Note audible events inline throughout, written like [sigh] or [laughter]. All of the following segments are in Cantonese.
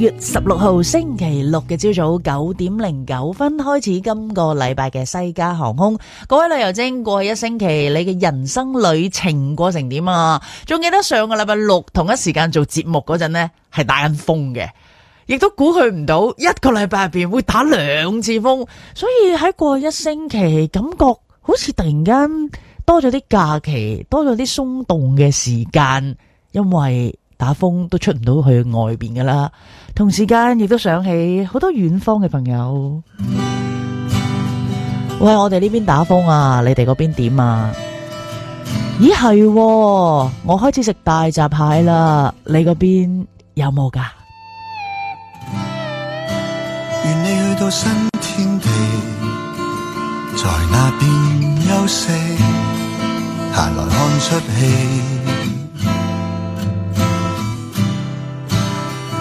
月十六號星期六嘅朝早九點零九分開始，今個禮拜嘅西加航空，各位旅遊精，過去一星期你嘅人生旅程過成點啊？仲記得上個禮拜六同一時間做節目嗰陣呢，係打緊風嘅，亦都估佢唔到一個禮拜入邊會打兩次風，所以喺過去一星期感覺好似突然間多咗啲假期，多咗啲鬆動嘅時間，因為打風都出唔到去外邊噶啦。同時間亦都想起好多遠方嘅朋友。喂，我哋呢邊打風啊，你哋嗰邊點啊？咦係，我開始食大閘蟹啦，你嗰邊有冇噶？願你去到新天地，在那邊休息，閒來看齣戲。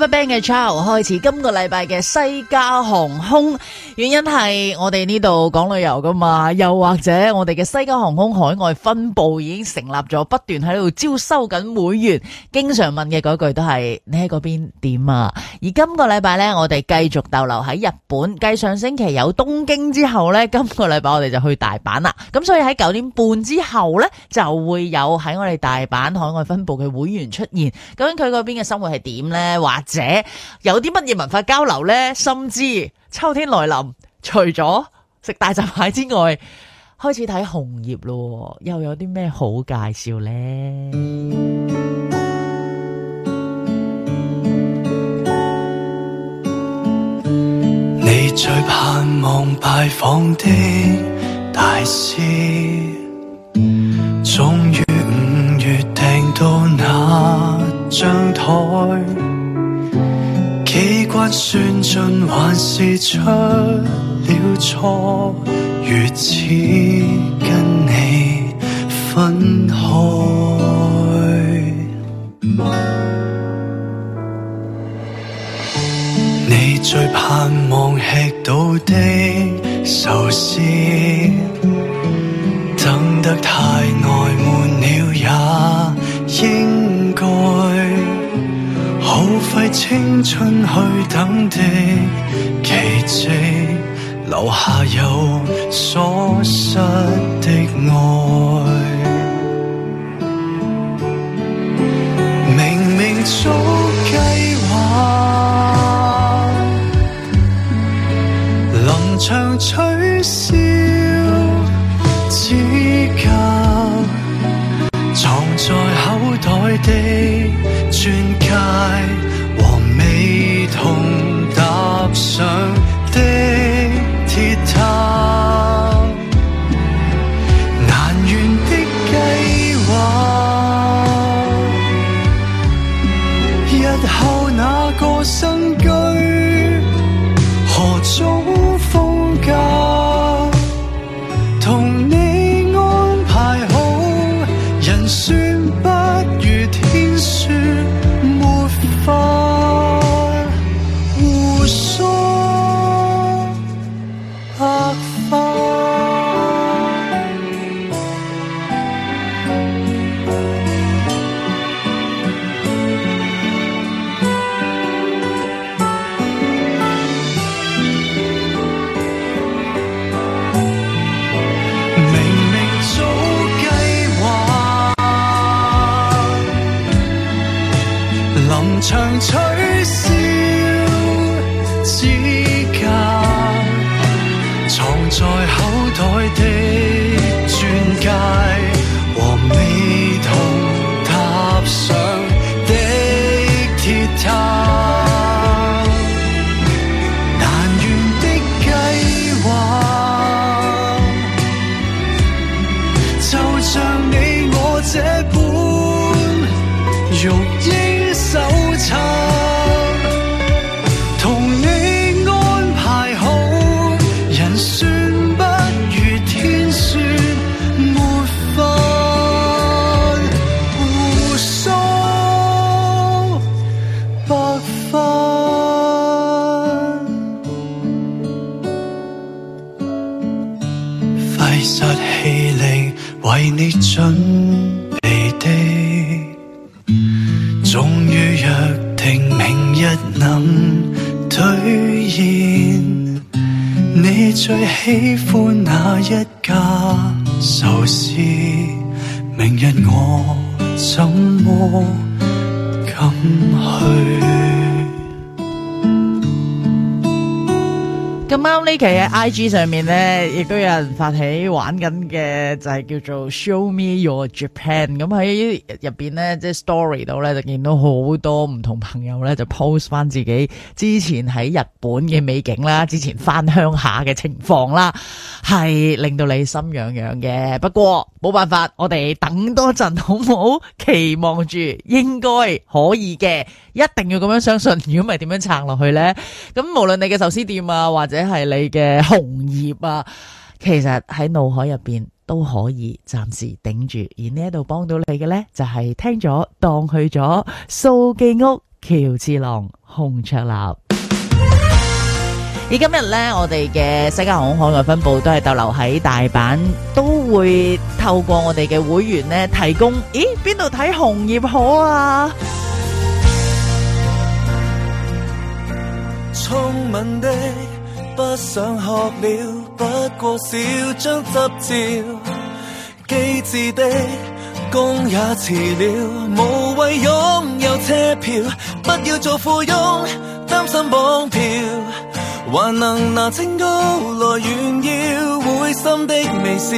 不冰嘅 Charles 開始今個禮拜嘅西加航空。原因係我哋呢度講旅遊噶嘛，又或者我哋嘅西加航空海外分部已經成立咗，不斷喺度招收緊會員。經常問嘅嗰句都係：你喺嗰邊點啊？而今個禮拜呢，我哋繼續逗留喺日本。繼上星期有東京之後呢，今個禮拜我哋就去大阪啦。咁所以喺九點半之後呢，就會有喺我哋大阪海外分部嘅會員出現。究竟佢嗰邊嘅生活係點呢？或者有啲乜嘢文化交流呢？甚至……秋天來臨，除咗食大閘蟹之外，開始睇紅葉咯，又有啲咩好介紹呢？你最盼望拜訪的大師，終於五月訂到那張台。機關算盡還是出了錯，如此跟你分開。 [noise] 你最盼望吃到的壽司，等得太耐悶了也應。耗費青春去等的奇跡，留下有所失的愛。明明早計劃，臨場取消，資格藏在口袋的。鑽戒和未同搭上的鐵塔，難圓的計劃， [noise] 日後那個新居何種風格，同你安排好人說。IG 上面咧，亦都有人發起玩緊嘅，就係叫做 Show Me Your Japan。咁喺入邊咧，即係 story 度咧，就見到好多。同朋友咧就 post 翻自己之前喺日本嘅美景啦，之前翻鄉下嘅情況啦，係令到你心癢癢嘅。不過冇辦法，我哋等多陣好唔好？期望住應該可以嘅，一定要咁樣相信。如果唔係點樣撐落去呢？咁無論你嘅壽司店啊，或者係你嘅紅葉啊，其實喺腦海入邊。都可以暫時頂住，而呢一度幫到你嘅咧，就係、是、聽咗當去咗蘇記屋、喬志郎、洪卓立。而今日咧，我哋嘅西加航空海外分部都係逗留喺大阪，都會透過我哋嘅會員呢，提供。咦，邊度睇紅葉好啊？充滿的。不想學了，不過少張執照。機智的工也遲了，無謂擁有車票。不要做富翁，擔心綁票，還能拿清高來炫耀，會心的微笑。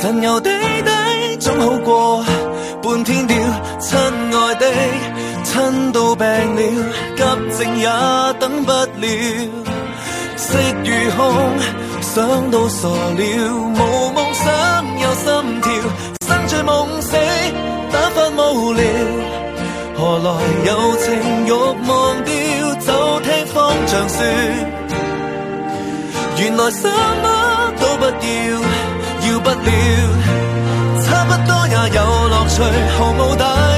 神遊地底總好過半天吊，親愛的。親到病了，急症也等不了，色如空，想到傻了，無夢想有心跳，生醉夢死打發無聊，何來有情欲忘掉？就聽方丈說，原來什麼都不要，要不了，差不多也有樂趣，毫無底。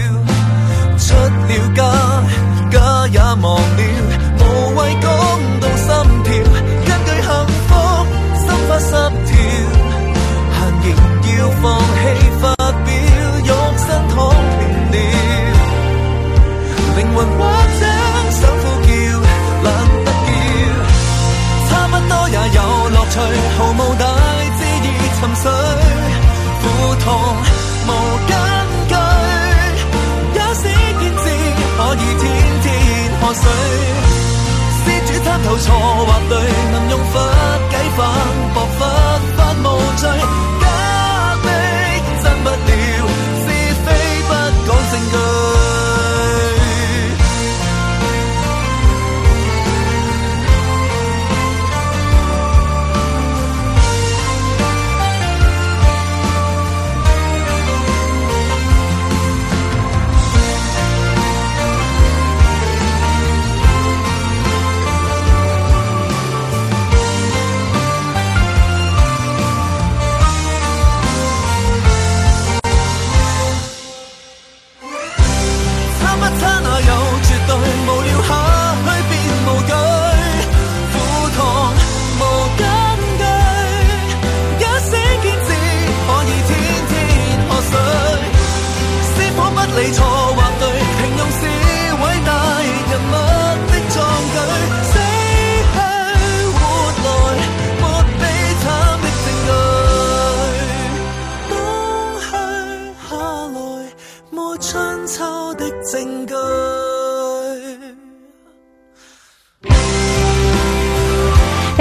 而家也忘了。水，施主參透錯或對，能用法偈反駁，佛法無罪。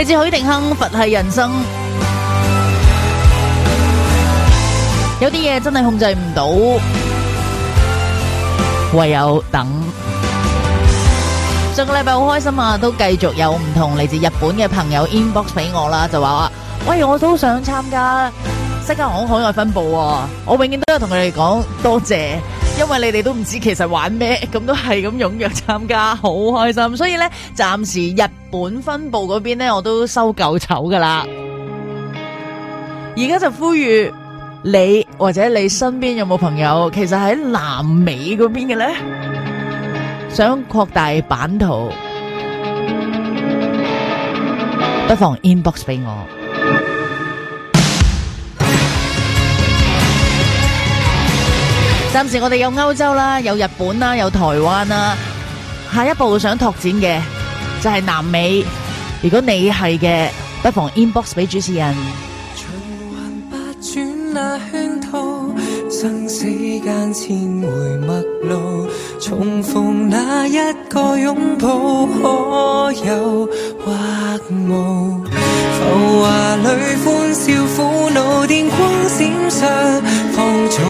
來自許定鏗佛系人生，有啲嘢真係控制唔到，唯有等。上個禮拜好開心啊，都繼續有唔同嚟自日本嘅朋友 inbox 俾我啦，就話啊，喂，我都想參加西加航空海外分部喎，我永遠都係同佢哋講多謝。因為你哋都唔知其實玩咩，咁都係咁踴躍參加，好開心。所以呢，暫時日本分部嗰邊呢，我都收夠醜噶啦。而家就呼籲你或者你身邊有冇朋友，其實喺南美嗰邊嘅呢？想擴大版圖，不妨 inbox 俾我。暫時我哋有歐洲啦，有日本啦，有台灣啦。下一步想拓展嘅就係、是、南美，如果你係嘅，不妨 inbox 俾主持人。循環百轉那圈套，生死間千迴陌路，重逢那一個擁抱，可有浮華裏歡笑苦惱，電光閃爍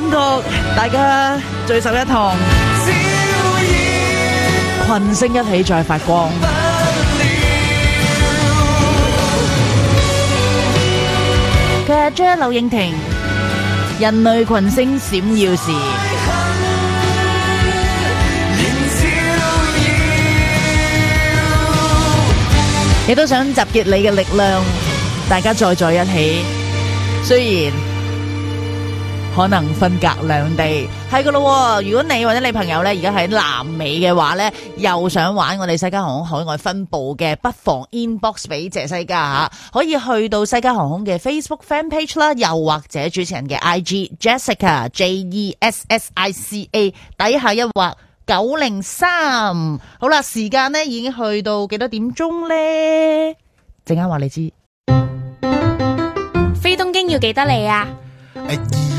感覺大家聚首一堂，群星一起再發光。佢係張劉穎婷，人類群星閃耀時，亦都想集結你嘅力量，大家再在一起。雖然，可能分隔兩地，係噶咯。如果你或者你朋友呢，而家喺南美嘅話呢，又想玩我哋世界航空海外分部嘅，不妨 inbox 俾謝西嘉吓，可以去到世界航空嘅 Facebook fan page 啦，又或者主持人嘅 IG Jessica J E S S I C A，底下一畫九零三。好啦，時間呢已經去到幾多點鐘呢？陣間話你知。飛東京要幾多里啊？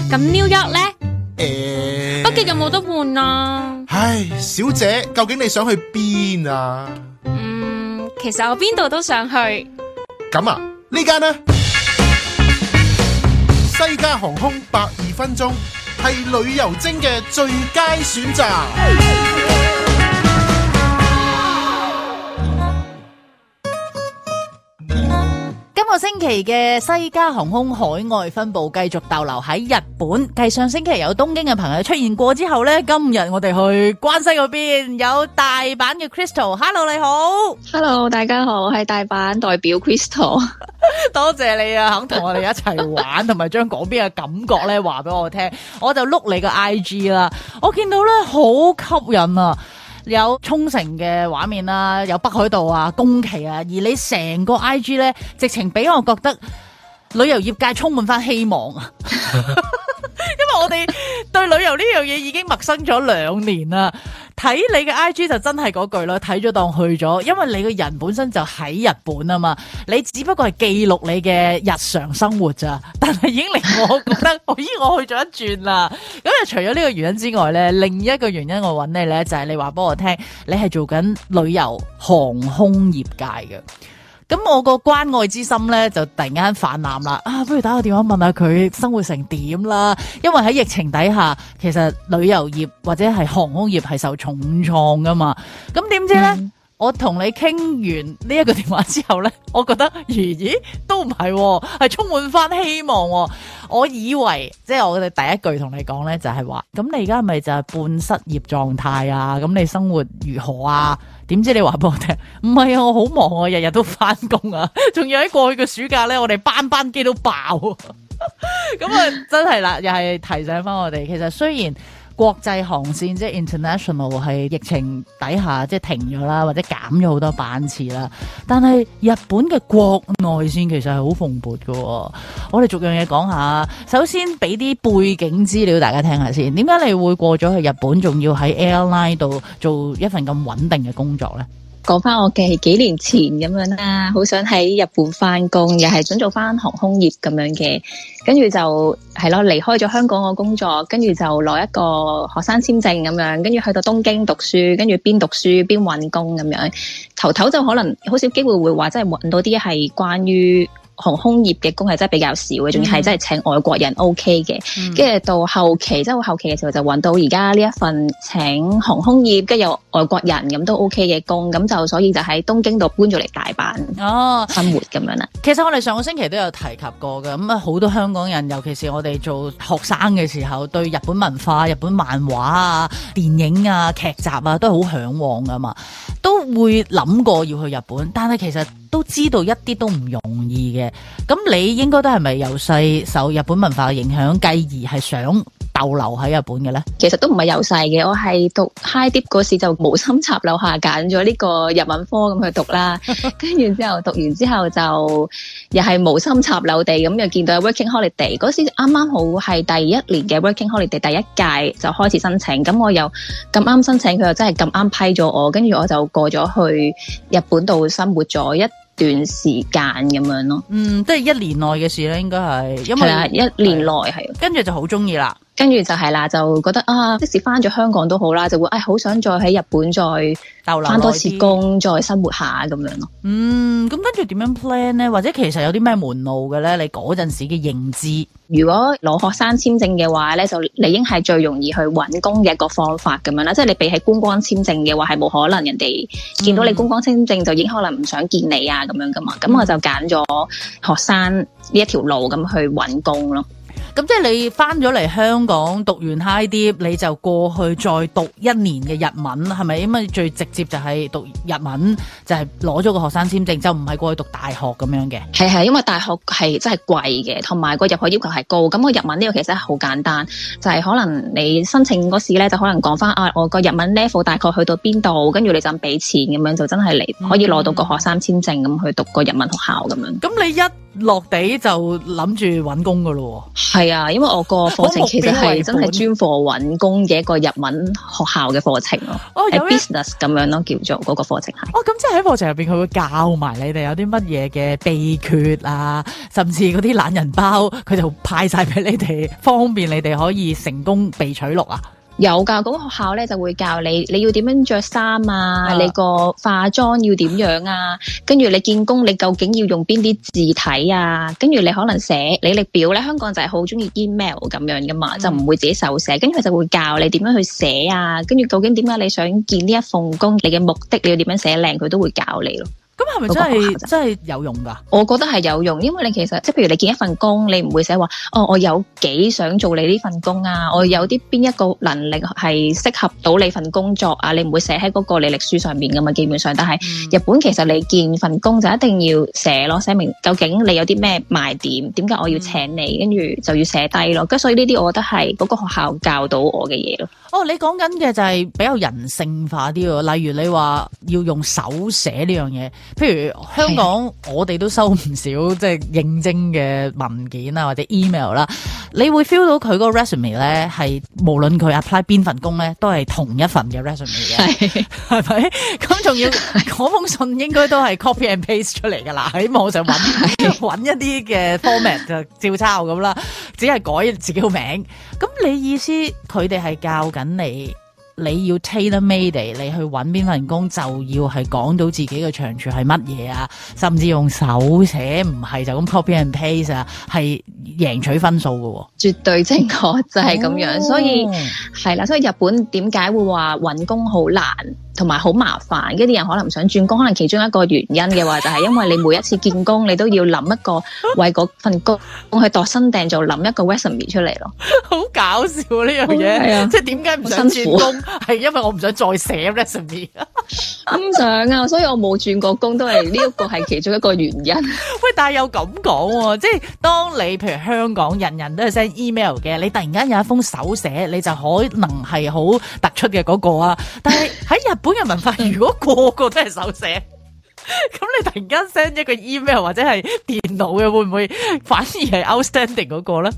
咁 New York 呢，誒、哎，欸、北極有冇得換啊？唉，小姐，究竟你想去邊啊？嗯，其實我邊度都想去。咁啊，呢間呢？西加 [music] 航空百二分鐘係旅遊精嘅最佳選擇。 [music] 個星期嘅西加航空海外分部繼續逗留喺日本，繼上星期有東京嘅朋友出現過之後呢，今日我哋去關西嗰邊有大阪嘅 Crystal。Hello 你好，Hello 大家好，我係大阪代表 Crystal， [laughs] 多謝你啊肯同我哋一齊玩，同埋將嗰邊嘅感覺呢話俾我聽，我就碌你個 IG 啦，我見到呢好吸引啊！有沖繩嘅畫面啦、啊，有北海道啊、宮崎啊，而你成個 IG 咧，直情俾我覺得旅遊業界充滿翻希望啊！ [laughs] [laughs] 因為我哋對旅遊呢樣嘢，已經陌生咗兩年啦，睇你嘅 IG 就真係嗰句咯，睇咗當去咗，因為你個人本身就喺日本啊嘛，你只不過係記錄你嘅日常生活咋，但係已經令我覺得咦，我去咗一轉啦。咁啊，除咗呢個原因之外咧，另一個原因我揾你咧就係、是、你話幫我聽，你係做緊旅遊航空業界嘅。咁我個關愛之心咧就突然間泛濫啦！啊，不如打個電話問下佢生活成點啦，因為喺疫情底下，其實旅遊業或者係航空業係受重創噶嘛。咁點知咧？嗯我同你傾完呢一個電話之後呢，我覺得咦咦都唔係、哦，係充滿翻希望、哦。我以為即係我哋第一句同你講呢，就係、是、話，咁你而家係咪就係半失業狀態啊？咁你生活如何啊？點知你話俾我聽，唔係、啊、我好忙啊，日日都翻工啊，仲要喺過去嘅暑假呢，我哋班班機都爆啊。咁啊， [laughs] 真係啦，又係提醒翻我哋。其實雖然。國際航線即係、就是、international 係疫情底下即係停咗啦，或者減咗好多班次啦。但係日本嘅國內線其實係好蓬勃嘅、哦。我哋逐樣嘢講下。首先俾啲背景資料大家聽下先。點解你會過咗去，去日本，仲要喺 airline 度做一份咁穩定嘅工作呢？講翻我嘅幾年前咁樣啦，好想喺日本翻工，又係想做翻航空業咁樣嘅，跟住就係咯離開咗香港個工作，跟住就攞一個學生簽證咁樣，跟住去到東京讀書，跟住邊讀書邊揾工咁樣，頭頭就可能好少機會會話真係揾到啲係關於。航空業嘅工係真係比較少嘅，仲要係真係請外國人 OK 嘅。跟住、嗯、到後期，即、就、係、係、後期嘅時候就揾到而家呢一份請航空業跟住有外國人咁都 OK 嘅工，咁就所以就喺東京度搬咗嚟大阪哦生活咁樣啦。其實我哋上個星期都有提及過嘅，咁啊好多香港人，尤其是我哋做學生嘅時候，對日本文化、日本漫畫啊、電影啊、劇集啊都係好向往嘅嘛，都會諗過要去日本，但係其實都知道一啲都唔容易嘅。咁你應該都係咪由細受日本文化嘅影響，繼而係想逗留喺日本嘅咧？其實都唔係由細嘅，我係讀 high dip 嗰時就無心插柳下揀咗呢個日文科咁去讀啦。跟住之後讀完之後就又係無心插柳地咁又見到有 working holiday。嗰時啱啱好係第一年嘅 working holiday 第一屆就開始申請。咁我又咁啱申請，佢又真係咁啱批咗我。跟住我就過咗去日本度生活咗一。短時間咁樣咯，嗯，即係一年內嘅事咧，應該係，因為啊，一年內跟住就好鍾意啦。跟住就係啦，就覺得啊，即使翻咗香港都好啦，就會誒好想再喺日本再逗留翻多次工，再生活下咁樣咯。嗯，咁跟住點樣 plan 咧？或者其實有啲咩門路嘅咧？你嗰陣時嘅認知，如果攞學生簽證嘅話咧，就理應係最容易去揾工嘅一個方法咁樣啦。即係你比起觀光簽證嘅話，係冇可能，人哋見到你觀光簽證就已經可能唔想見你啊咁樣噶嘛。咁我就揀咗學生呢一條路咁去揾工咯。咁即係你翻咗嚟香港讀完 High Dip，你就過去再讀一年嘅日文，係咪？因為，最直接就係讀日文，就係攞咗個學生簽證，就唔係過去讀大學咁樣嘅。係係，因為大學係真係貴嘅，同埋個入學要求係高。咁、個日文呢個其實係好簡單，就係、是、可能你申請嗰時咧，就可能講翻啊，我個日文 level 大概去到邊度，跟住你就俾錢咁樣，就真係嚟可以攞到個學生簽證咁、嗯、去讀個日文學校咁樣。咁你一落地就諗住搵工噶咯？係啊，因為我個課程其實係真係專課揾工嘅一個日文學校嘅課程咯，哦，business 咁樣咯，叫做嗰個課程係。哦，咁即係喺課程入邊，佢會教埋你哋有啲乜嘢嘅秘訣啊，甚至嗰啲懶人包，佢就派晒俾你哋，方便你哋可以成功被取錄啊。有噶，嗰、那個學校咧就會教你，你要點樣着衫啊，uh. 你個化妝要點樣啊，跟住你見工你究竟要用邊啲字體啊，跟住你可能寫履歷表咧，香港就係好中意 email 咁樣噶嘛，嗯、就唔會自己手寫，跟住佢就會教你點樣去寫啊，跟住究竟點解你想見呢一份工，你嘅目的你要點樣寫靚，佢都會教你咯。咁係咪真係真係有用噶？我覺得係有用，因為你其實即係譬如你見一份工，你唔會寫話哦，我有幾想做你呢份工啊，我有啲邊一個能力係適合到你份工作啊，你唔會寫喺嗰個履歷書上面噶嘛，基本上。但係日本其實你見份工就一定要寫咯，寫明究竟你有啲咩賣點，點解我要請你，跟住就要寫低咯。跟所以呢啲，我覺得係嗰個學校教到我嘅嘢咯。哦，你講緊嘅就係比較人性化啲喎，例如你話要用手寫呢樣嘢。譬如香港，的我哋都收唔少即係應徵嘅文件啊，或者 email 啦。 [laughs] 你會 feel 到佢個 resume 咧係無論佢 apply 邊份工咧，都係同一份嘅 resume 嘅的，係咪？ [laughs] 咁仲要嗰封信應該都係 copy and paste 出嚟㗎啦，喺網上揾揾 [laughs] 一啲嘅 format 就照抄咁啦，只係改自己個名。咁你意思佢哋係教緊你？你要 tailor made 你去揾邊份工就要係講到自己嘅長處係乜嘢啊，甚至用手寫，唔係就咁 copy and paste 啊，係贏取分數㗎喎、啊，絕對正確就係、是、咁樣，哦、所以係啦，所以日本點解會話揾工好難？同埋好麻煩，一啲人可能唔想轉工，可能其中一個原因嘅話，就係因為你每一次見工，你都要諗一個為嗰份工去度身訂造，諗一個 resume 出嚟咯。好搞笑呢樣嘢，即係點解唔想轉工，係因為我唔想再寫 resume。唔想啊，所以我冇轉過工，都係呢一個係其中一個原因。喂，但係又咁講，即係當你譬如香港人人都係 send email 嘅，你突然間有一封手寫，你就可能係好突出嘅嗰個啊。但係喺日本。本地文化如果個個都係手寫，咁你突然間 send 一個 email 或者係電腦嘅，會唔會反而係 outstanding 嗰個咧？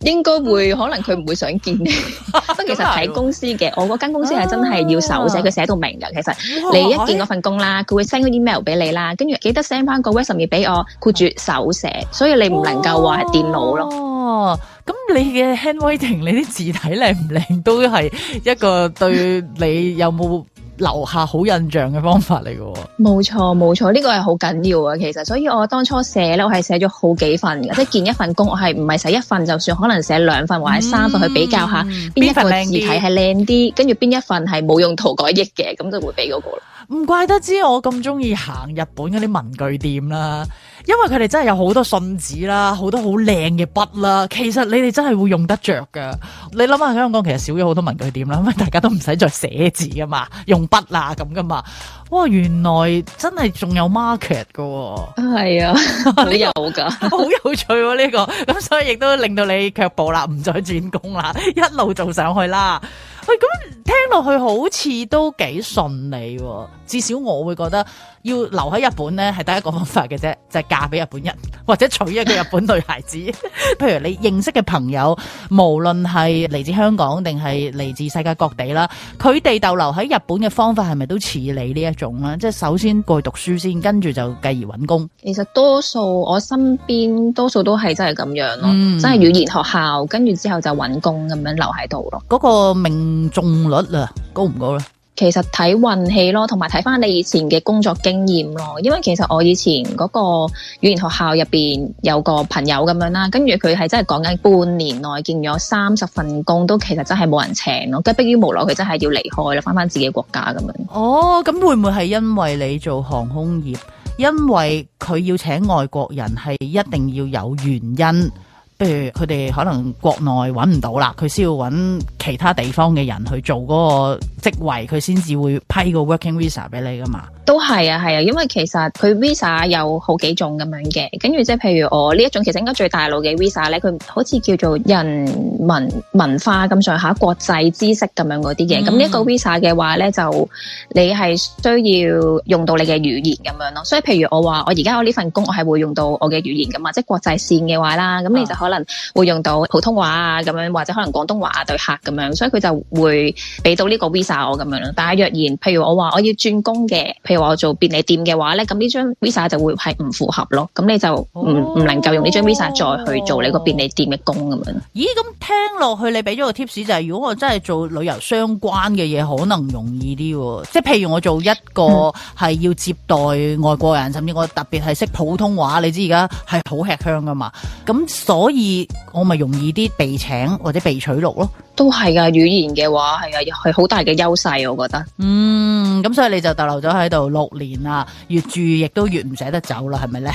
應該會，可能佢唔會想見你。不過其實睇公司嘅，我嗰間公司係真係要手寫，佢寫到明㗎。其實你一見嗰份工啦，佢會 send 個 email 俾你啦，跟住記得 send 翻個 resume 俾我，括住手寫，所以你唔能夠話係電腦咯。咁你嘅 handwriting，你啲字體靚唔靚都係一個對你有冇留下好印象嘅方法嚟㗎，冇錯冇錯，呢、這個係好緊要㗎。其實，所以我當初寫呢，我係寫咗好幾份嘅， [laughs] 即係見一份工，我係唔係寫一份，就算可能寫兩份或者三份、嗯、去比較下邊一,一,一,一份字體係靚啲，跟住邊一份係冇用塗改液嘅，咁就會俾嗰個。唔怪得知，我咁中意行日本嗰啲文具店啦，因為佢哋真係有好多信紙啦，好多好靚嘅筆啦。其實你哋真係會用得着噶。你諗下香港其實少咗好多文具店啦，因為大家都唔使再寫字噶嘛，用筆啦咁噶嘛。哇，原來真係仲有 market 噶。係 [laughs] [laughs] 啊，你有噶，好有， [laughs] [laughs] 好有趣呢、啊這個。咁所以亦都令到你卻步啦，唔再轉工啦，一路做上去啦。喂，咁聽落去好似都幾順利，哦，至少我會覺得要留喺日本呢係第一個方法嘅啫，就係、是、嫁俾日本人或者娶一個日本女孩子。譬 [laughs] 如你認識嘅朋友，無論係嚟自香港定係嚟自世界各地啦，佢哋逗留喺日本嘅方法係咪都似你呢一種咧？即係首先過去讀書先，跟住就繼而揾工。其實多數我身邊多數都係真係咁樣咯，真係、嗯、語言學校，跟住之後就揾工咁樣留喺度咯。嗰個名中率啊，高唔高咧？其實睇運氣咯，同埋睇翻你以前嘅工作經驗咯。因為其實我以前嗰個語言學校入邊有個朋友咁樣啦，跟住佢係真係講緊半年內見咗三十份工，都其實真係冇人請咯，跟住迫於無奈，佢真係要離開啦，翻翻自己國家咁樣。哦，咁會唔會係因為你做航空業，因為佢要請外國人係一定要有原因？譬如佢哋可能國內揾唔到啦，佢先要揾其他地方嘅人去做嗰個職位，佢先至會批個 working visa 俾你噶嘛。都係啊，係啊，因為其實佢 visa 有好幾種咁樣嘅，跟住即係譬如我呢一種其實應該最大腦嘅 visa 咧，佢好似叫做人文文化咁上下國際知識咁樣嗰啲嘢。咁呢一個 visa 嘅話咧，就你係需要用到你嘅語言咁樣咯。所以譬如我話我而家我呢份工我係會用到我嘅語言咁嘛，即係國際線嘅話啦，咁你就、嗯可能會用到普通話啊，咁樣或者可能廣東話對客咁樣，所以佢就會俾到呢個 Visa 我咁樣咯。但係若然，譬如我話我要轉工嘅，譬如我做便利店嘅話咧，咁呢張 Visa 就會係唔符合咯。咁你就唔唔、哦、能夠用呢張 Visa 再去做你個便利店嘅工咁樣、哦。咦，咁聽落去你俾咗個 tips 就係、是，如果我真係做旅遊相關嘅嘢，可能容易啲。即係譬如我做一個係要接待外國人，嗯、甚至我特別係識普通話，你知而家係好吃香噶嘛。咁所以。易我咪容易啲被請或者被取錄咯。都係㗎，語言嘅話係啊，係好大嘅優勢，我覺得。嗯，咁所以你就逗留咗喺度六年啦，越住亦都越唔捨得走啦，係咪咧？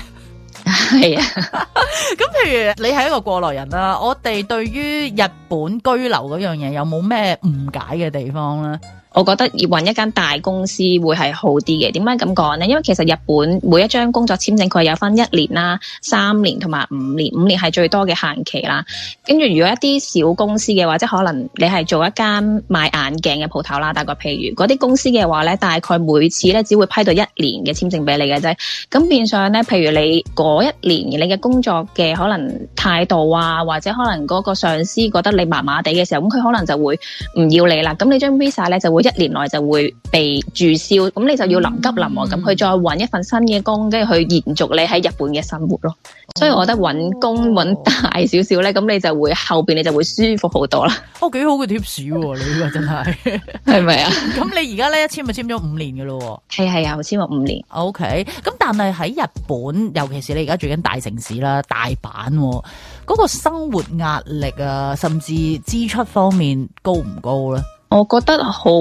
係啊，咁譬如你係一個過來人啦，我哋對於日本居留嗰樣嘢，有冇咩誤解嘅地方咧？我覺得要揾一間大公司會係好啲嘅。點解咁講咧？因為其實日本每一張工作簽證佢有分一年啦、三年同埋五年，五年係最多嘅限期啦。跟住如果一啲小公司嘅話，即可能你係做一間賣眼鏡嘅鋪頭啦。大概譬如嗰啲公司嘅話咧，大概每次咧只會批到一年嘅簽證俾你嘅啫。咁變相呢，譬如你嗰一年你嘅工作嘅可能態度啊，或者可能嗰個上司覺得你麻麻地嘅時候，咁佢可能就會唔要你啦。咁你張 Visa 咧就會，一年內就會被註銷，咁你就要臨急臨忙，咁佢、嗯、再搵一份新嘅工，跟住去延續你喺日本嘅生活咯。哦、所以我覺得搵工搵、哦、大少少咧，咁你就會後邊你就會舒服好多啦。哦，幾好嘅貼士，你呢個真係係咪啊？咁 [laughs] 你而家咧簽咪簽咗五年噶咯？係係啊，我簽咗五年。OK，咁但係喺日本，尤其是你而家住緊大城市啦，大阪嗰、那個生活壓力啊，甚至支出方面高唔高咧？我覺得好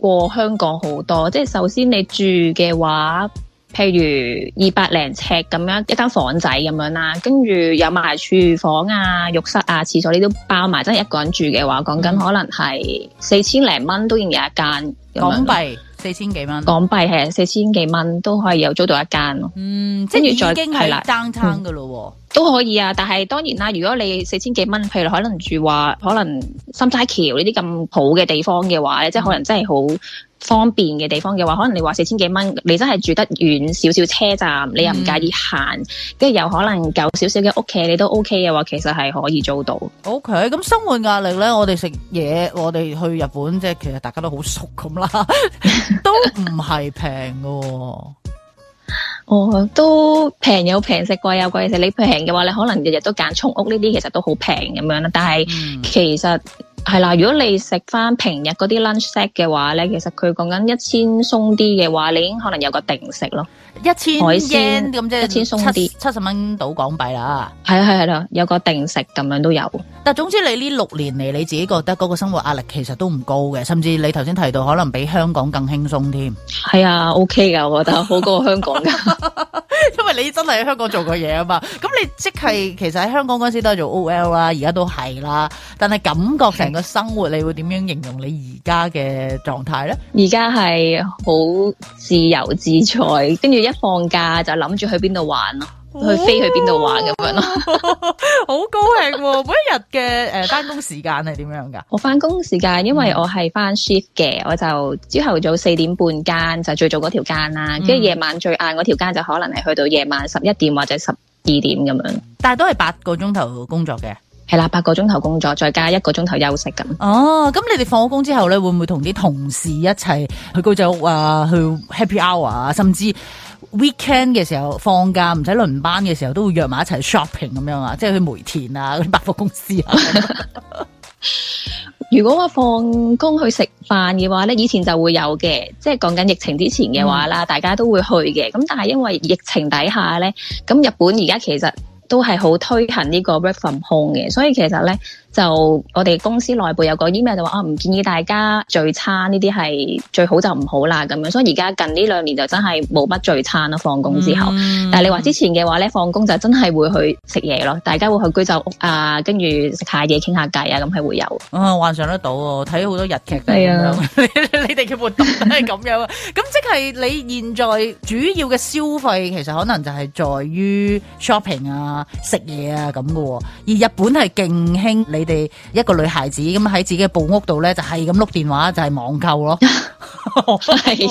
過香港好多，即係首先你住嘅話，譬如二百零尺咁樣一間房仔咁樣啦，跟住有埋廚房啊、浴室啊、廁所呢都包埋，真係一個人住嘅話，講緊可能係四千零蚊都已經有一間港幣。四千幾蚊港幣係啊，四千幾蚊都可以有租到一間，嗯，跟住再係啦，爭餐噶咯，都可以啊。但係當然啦，如果你四千幾蚊，譬如可能住話，可能深沙橋呢啲咁好嘅地方嘅話咧，嗯、即係可能真係好。方便嘅地方嘅話，可能你話四千幾蚊，你真係住得遠少少車站，你又唔介意行，跟住，嗯、又可能舊少少嘅屋企，你都 O K 嘅話，其實係可以租到。O K，咁生活壓力咧，我哋食嘢，我哋去日本即係其實大家都好熟咁啦， [laughs] 都唔係平嘅。 [laughs] [laughs] 哦，都平有平食，貴有貴食。你平嘅話，你可能日日都揀松屋呢啲，其實都好平咁樣啦。但係其實，嗯係啦，如果你食翻平日嗰啲 lunch set 嘅話咧，其實佢講緊一千鬆啲嘅話，你已經可能有個定食咯。一千 yen 咁即係一千七七十蚊到港幣啦，係啊係啦，有個定食咁樣都有。但係總之你呢六年嚟你自己覺得嗰個生活壓力其實都唔高嘅，甚至你頭先提到可能比香港更輕鬆添。係啊，OK 噶，我覺得好過香港噶， [laughs] [laughs] [laughs] 因為你真係喺香港做過嘢啊嘛。咁 [laughs] 你即係其實喺香港嗰時都係做 OL 啦，而家都係啦。但係感覺成個生活 [laughs] 你會點樣形容你而家嘅狀態咧？而家係好自由自在，跟住。一放假就諗住去邊度玩咯，哦、去飛去邊度玩咁樣咯，哦、 [laughs] 好高興、啊！每一 [laughs] 日嘅誒，翻、呃、 [laughs] 工時間係點樣噶？我翻工時間，因為我係翻 shift 嘅，我就朝頭早四點半間就最早嗰條間啦，跟住夜晚最晏嗰條間就可能係去到夜晚十一點或者十二點咁樣，嗯、但係都係八個鐘頭工作嘅，係啦，八個鐘頭工作再加一個鐘頭休息咁。哦，咁你哋放咗工之後咧，會唔會同啲同事一齊去居酒屋啊，去 Happy Hour 啊，甚至？weekend 嘅時候放假唔使輪班嘅時候都會約埋一齊 shopping 咁樣啊，即係去梅田啊嗰啲百貨公司。啊。 [laughs] [laughs] 如果我放工去食飯嘅話呢，以前就會有嘅，即係講緊疫情之前嘅話啦，嗯、大家都會去嘅。咁但係因為疫情底下呢，咁日本而家其實都係好推行呢個 work from home 嘅，所以其實呢。就我哋公司內部有個 email 就話啊，唔建議大家聚餐呢啲係最好就唔好啦咁樣，所以而家近呢兩年就真係冇乜聚餐咯。放工之後，嗯、但係你話之前嘅話咧，放工就真係會去食嘢咯，大家會去居酒屋啊，跟住食下嘢傾下偈啊，咁係會有。啊，幻想得到、啊，睇好多日劇。係啊， [laughs] 你哋嘅活動都係咁樣啊？咁 [laughs] [laughs] 即係你現在主要嘅消費其實可能就係在於 shopping 啊、食嘢啊咁嘅，而日本係勁興你。你哋一個女孩子咁喺自己嘅部屋度咧，就係咁碌電話，就係、是、網購咯。係好、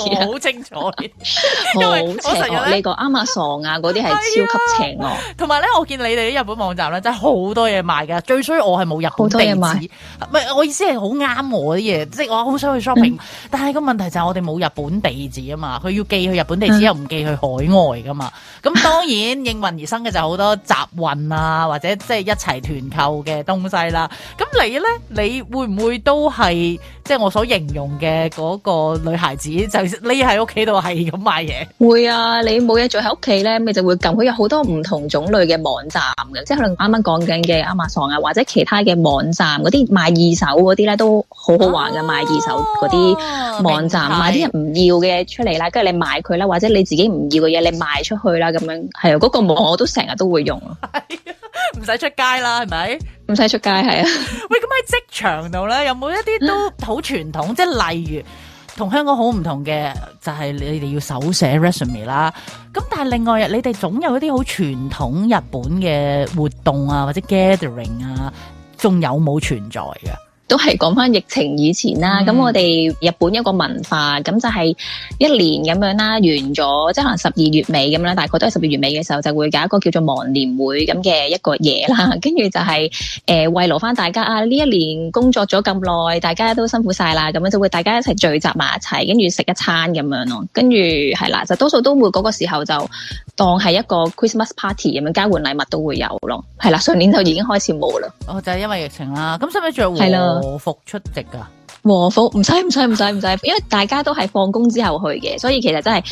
[laughs] 啊、 [laughs] 清楚， [laughs] 好邪惡惡 [laughs] 呢個啱下傻啊，嗰啲係超級邪惡。同埋咧，我見你哋啲日本網站咧，真係好多嘢賣噶。最衰我係冇日本地址，唔係我意思係好啱我啲嘢，即係我好想去 shopping。嗯、但係個問題就係我哋冇日本地址啊嘛，佢要寄去日本地址，嗯、日本地址又唔寄去海外噶嘛。咁當然 [laughs] 應運而生嘅就好多集運啊，或者即係一齊團購嘅東西啦。咁你咧，你會唔會都係？即係我所形容嘅嗰個女孩子，就匿喺屋企度係咁買嘢。會啊，你冇嘢做喺屋企咧，咪就會撳佢有好多唔同種類嘅網站嘅，即係可能啱啱講緊嘅 Amazon 啊，或者其他嘅網站嗰啲賣二手嗰啲咧，都好好玩㗎。啊、賣二手嗰啲網站，買啲人唔要嘅出嚟啦，跟住你買佢啦，或者你自己唔要嘅嘢你賣出去啦，咁樣係啊。嗰、嗰個網我都成日都會用，唔使、哦、 [laughs] 出街啦，係咪？唔使出街係啊。喂，咁喺職場度咧，有冇一啲都、嗯？好傳統，即係例如同香港好唔同嘅，就係你哋要手寫 resume 啦。咁但係另外，你哋總有一啲好傳統日本嘅活動啊，或者 gathering 啊，仲有冇存在嘅？都係講翻疫情以前啦，咁、嗯、我哋日本一個文化，咁就係一年咁樣啦，完咗，即係可能十二月尾咁啦，大概都係十二月尾嘅時候，就會有一個叫做忘年會咁嘅一個嘢啦，跟住就係、是、誒、呃、慰勞翻大家啊，呢一年工作咗咁耐，大家都辛苦晒啦，咁樣就會大家一齊聚集埋一齊，跟住食一餐咁樣咯，跟住係啦，就多數都會嗰個時候就。當係一個 Christmas party 咁樣交換禮物都會有咯，係啦，上年就已經開始冇啦，哦就係、是、因為疫情啦，咁使唔使着和服出席噶、啊？和服唔使唔使唔使唔使，因為大家都係放工之後去嘅，所以其實真係。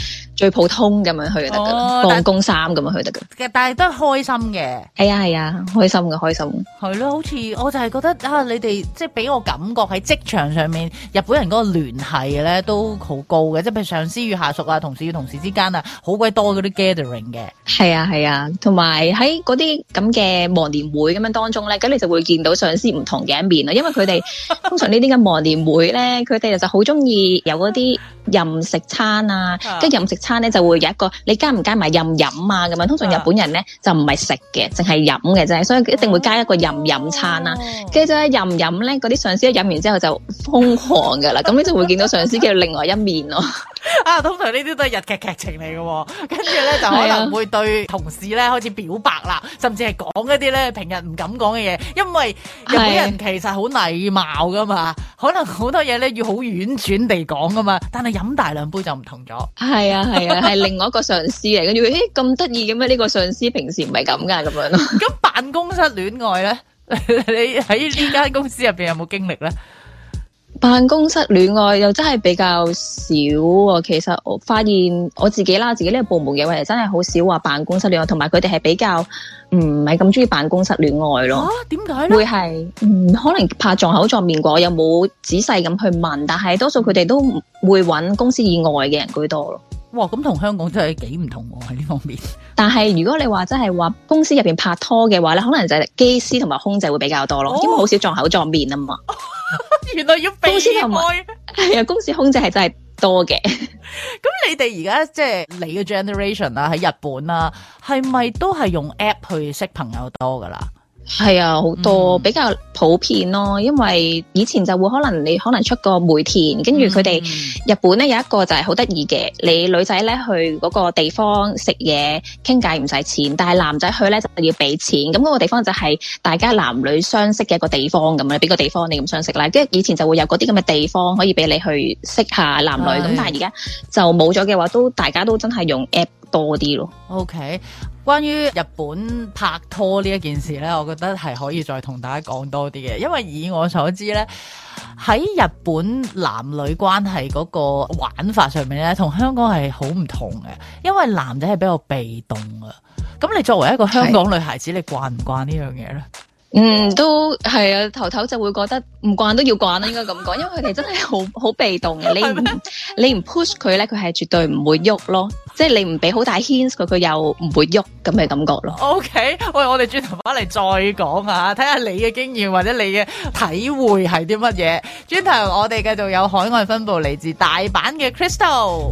最普通咁樣去就得噶啦，工、哦、三咁樣去得噶。但係都開心嘅。係啊係啊，開心嘅開心。係咯，好似我就係覺得啊，你哋即係俾我感覺喺職場上面，日本人嗰個聯繫咧都好高嘅。即係譬如上司與下屬啊，同事與同事之間、嗯、啊，好鬼多嗰啲 gathering 嘅。係啊係啊，同埋喺嗰啲咁嘅忘年會咁樣當中咧，咁你就會見到上司唔同嘅一面咯。因為佢哋 [laughs] 通常呢啲嘅忘年會咧，佢哋就好中意有嗰啲任食餐啊，跟任 [laughs] 食餐咧就會有一個，你加唔加埋任飲啊咁樣。通常日本人咧就唔係食嘅，淨係飲嘅啫，所以一定會加一個任飲餐啦、啊。跟住咧任飲咧，嗰啲上司飲完之後就瘋狂㗎喇，咁 [laughs] 你就會見到上司嘅另外一面咯。 [laughs] 啊，通常劇劇呢啲都係日劇劇情嚟嘅，跟住咧就可能會對同事咧開始表白啦，甚至係講一啲咧平日唔敢講嘅嘢，因為日本人其實好禮貌噶嘛，啊、可能好多嘢咧要好婉轉地講噶嘛，但係飲大兩杯就唔同咗。係啊係啊，係、啊、另外一個上司嚟，跟住佢，咦咁得意嘅咩？呢、這個上司平時唔係咁噶，咁樣咯。咁 [laughs] 辦公室戀愛咧， [laughs] 你喺呢間公司入邊有冇經歷咧？辦公室戀愛又真係比較少啊、哦！其實我發現我自己啦，自己呢個部門嘅話，真係好少話辦公室戀愛，同埋佢哋係比較唔係咁中意辦公室戀愛咯。點解咧？呢會係嗯，可能怕撞口撞面啩？我有冇仔細咁去問？但係多數佢哋都會揾公司以外嘅人居多咯。哇，咁同香港真係幾唔同喎，喺呢方面。但係如果你話真係話公司入邊拍拖嘅話咧，可能就係機師同埋空姐會比較多咯，哦、因為好少撞口撞面啊嘛。 [laughs] 原來要公避開。係啊， [laughs] 公司空姐係真係多嘅。咁 [laughs] 你哋而家即係你嘅 generation 啦、啊，喺日本啦、啊，係咪都係用 app 去識朋友多噶啦？係啊，好多、嗯、比較普遍咯，因為以前就會可能你可能出個梅田，跟住佢哋日本咧、嗯、有一個就係好得意嘅，你女仔咧去嗰個地方食嘢傾偈唔使錢，但係男仔去咧就要俾錢。咁、嗯、嗰、嗰個地方就係大家男女相識嘅一個地方咁咧，俾個地方你咁相識啦。跟住以前就會有嗰啲咁嘅地方可以俾你去識下男女，咁是但係而家就冇咗嘅話，都大家都真係用 app 多啲咯。OK。關於日本拍拖呢一件事呢，我覺得係可以再同大家講多啲嘅，因為以我所知呢，喺日本男女關係嗰個玩法上面呢，同香港係好唔同嘅，因為男仔係比較被動㗎。咁你作為一個香港女孩子，你慣唔慣呢樣嘢呢？嗯，都係啊，頭頭就會覺得唔慣都要慣啦，應該咁講，因為佢哋真係好好被動嘅，你唔你唔 push 佢咧，佢係絕對唔會喐咯，即係你唔俾好大 hands 佢，佢又唔會喐咁嘅感覺咯。OK，喂，我哋轉頭翻嚟再講下，睇下你嘅經驗或者你嘅體會係啲乜嘢？轉頭我哋繼續有海外分部嚟自大阪嘅 Crystal。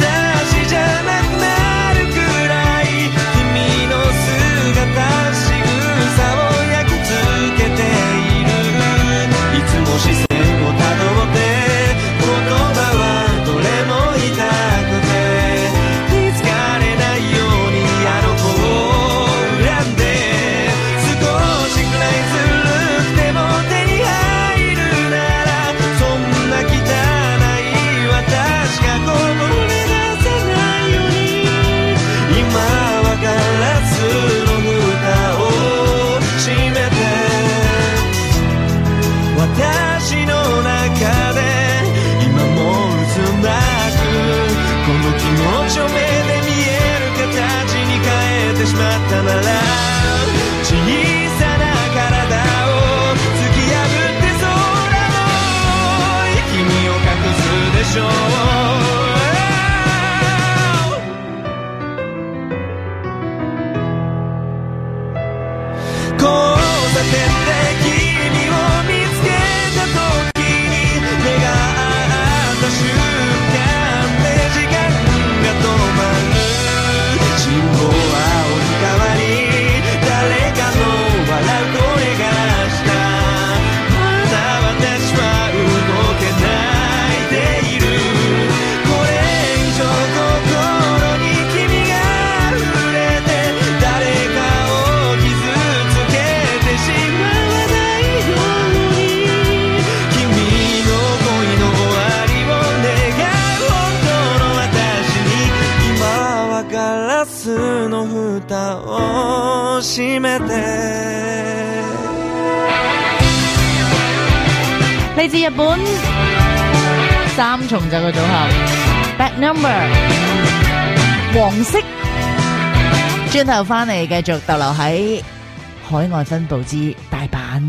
翻嚟繼續逗留喺海外分部之大阪。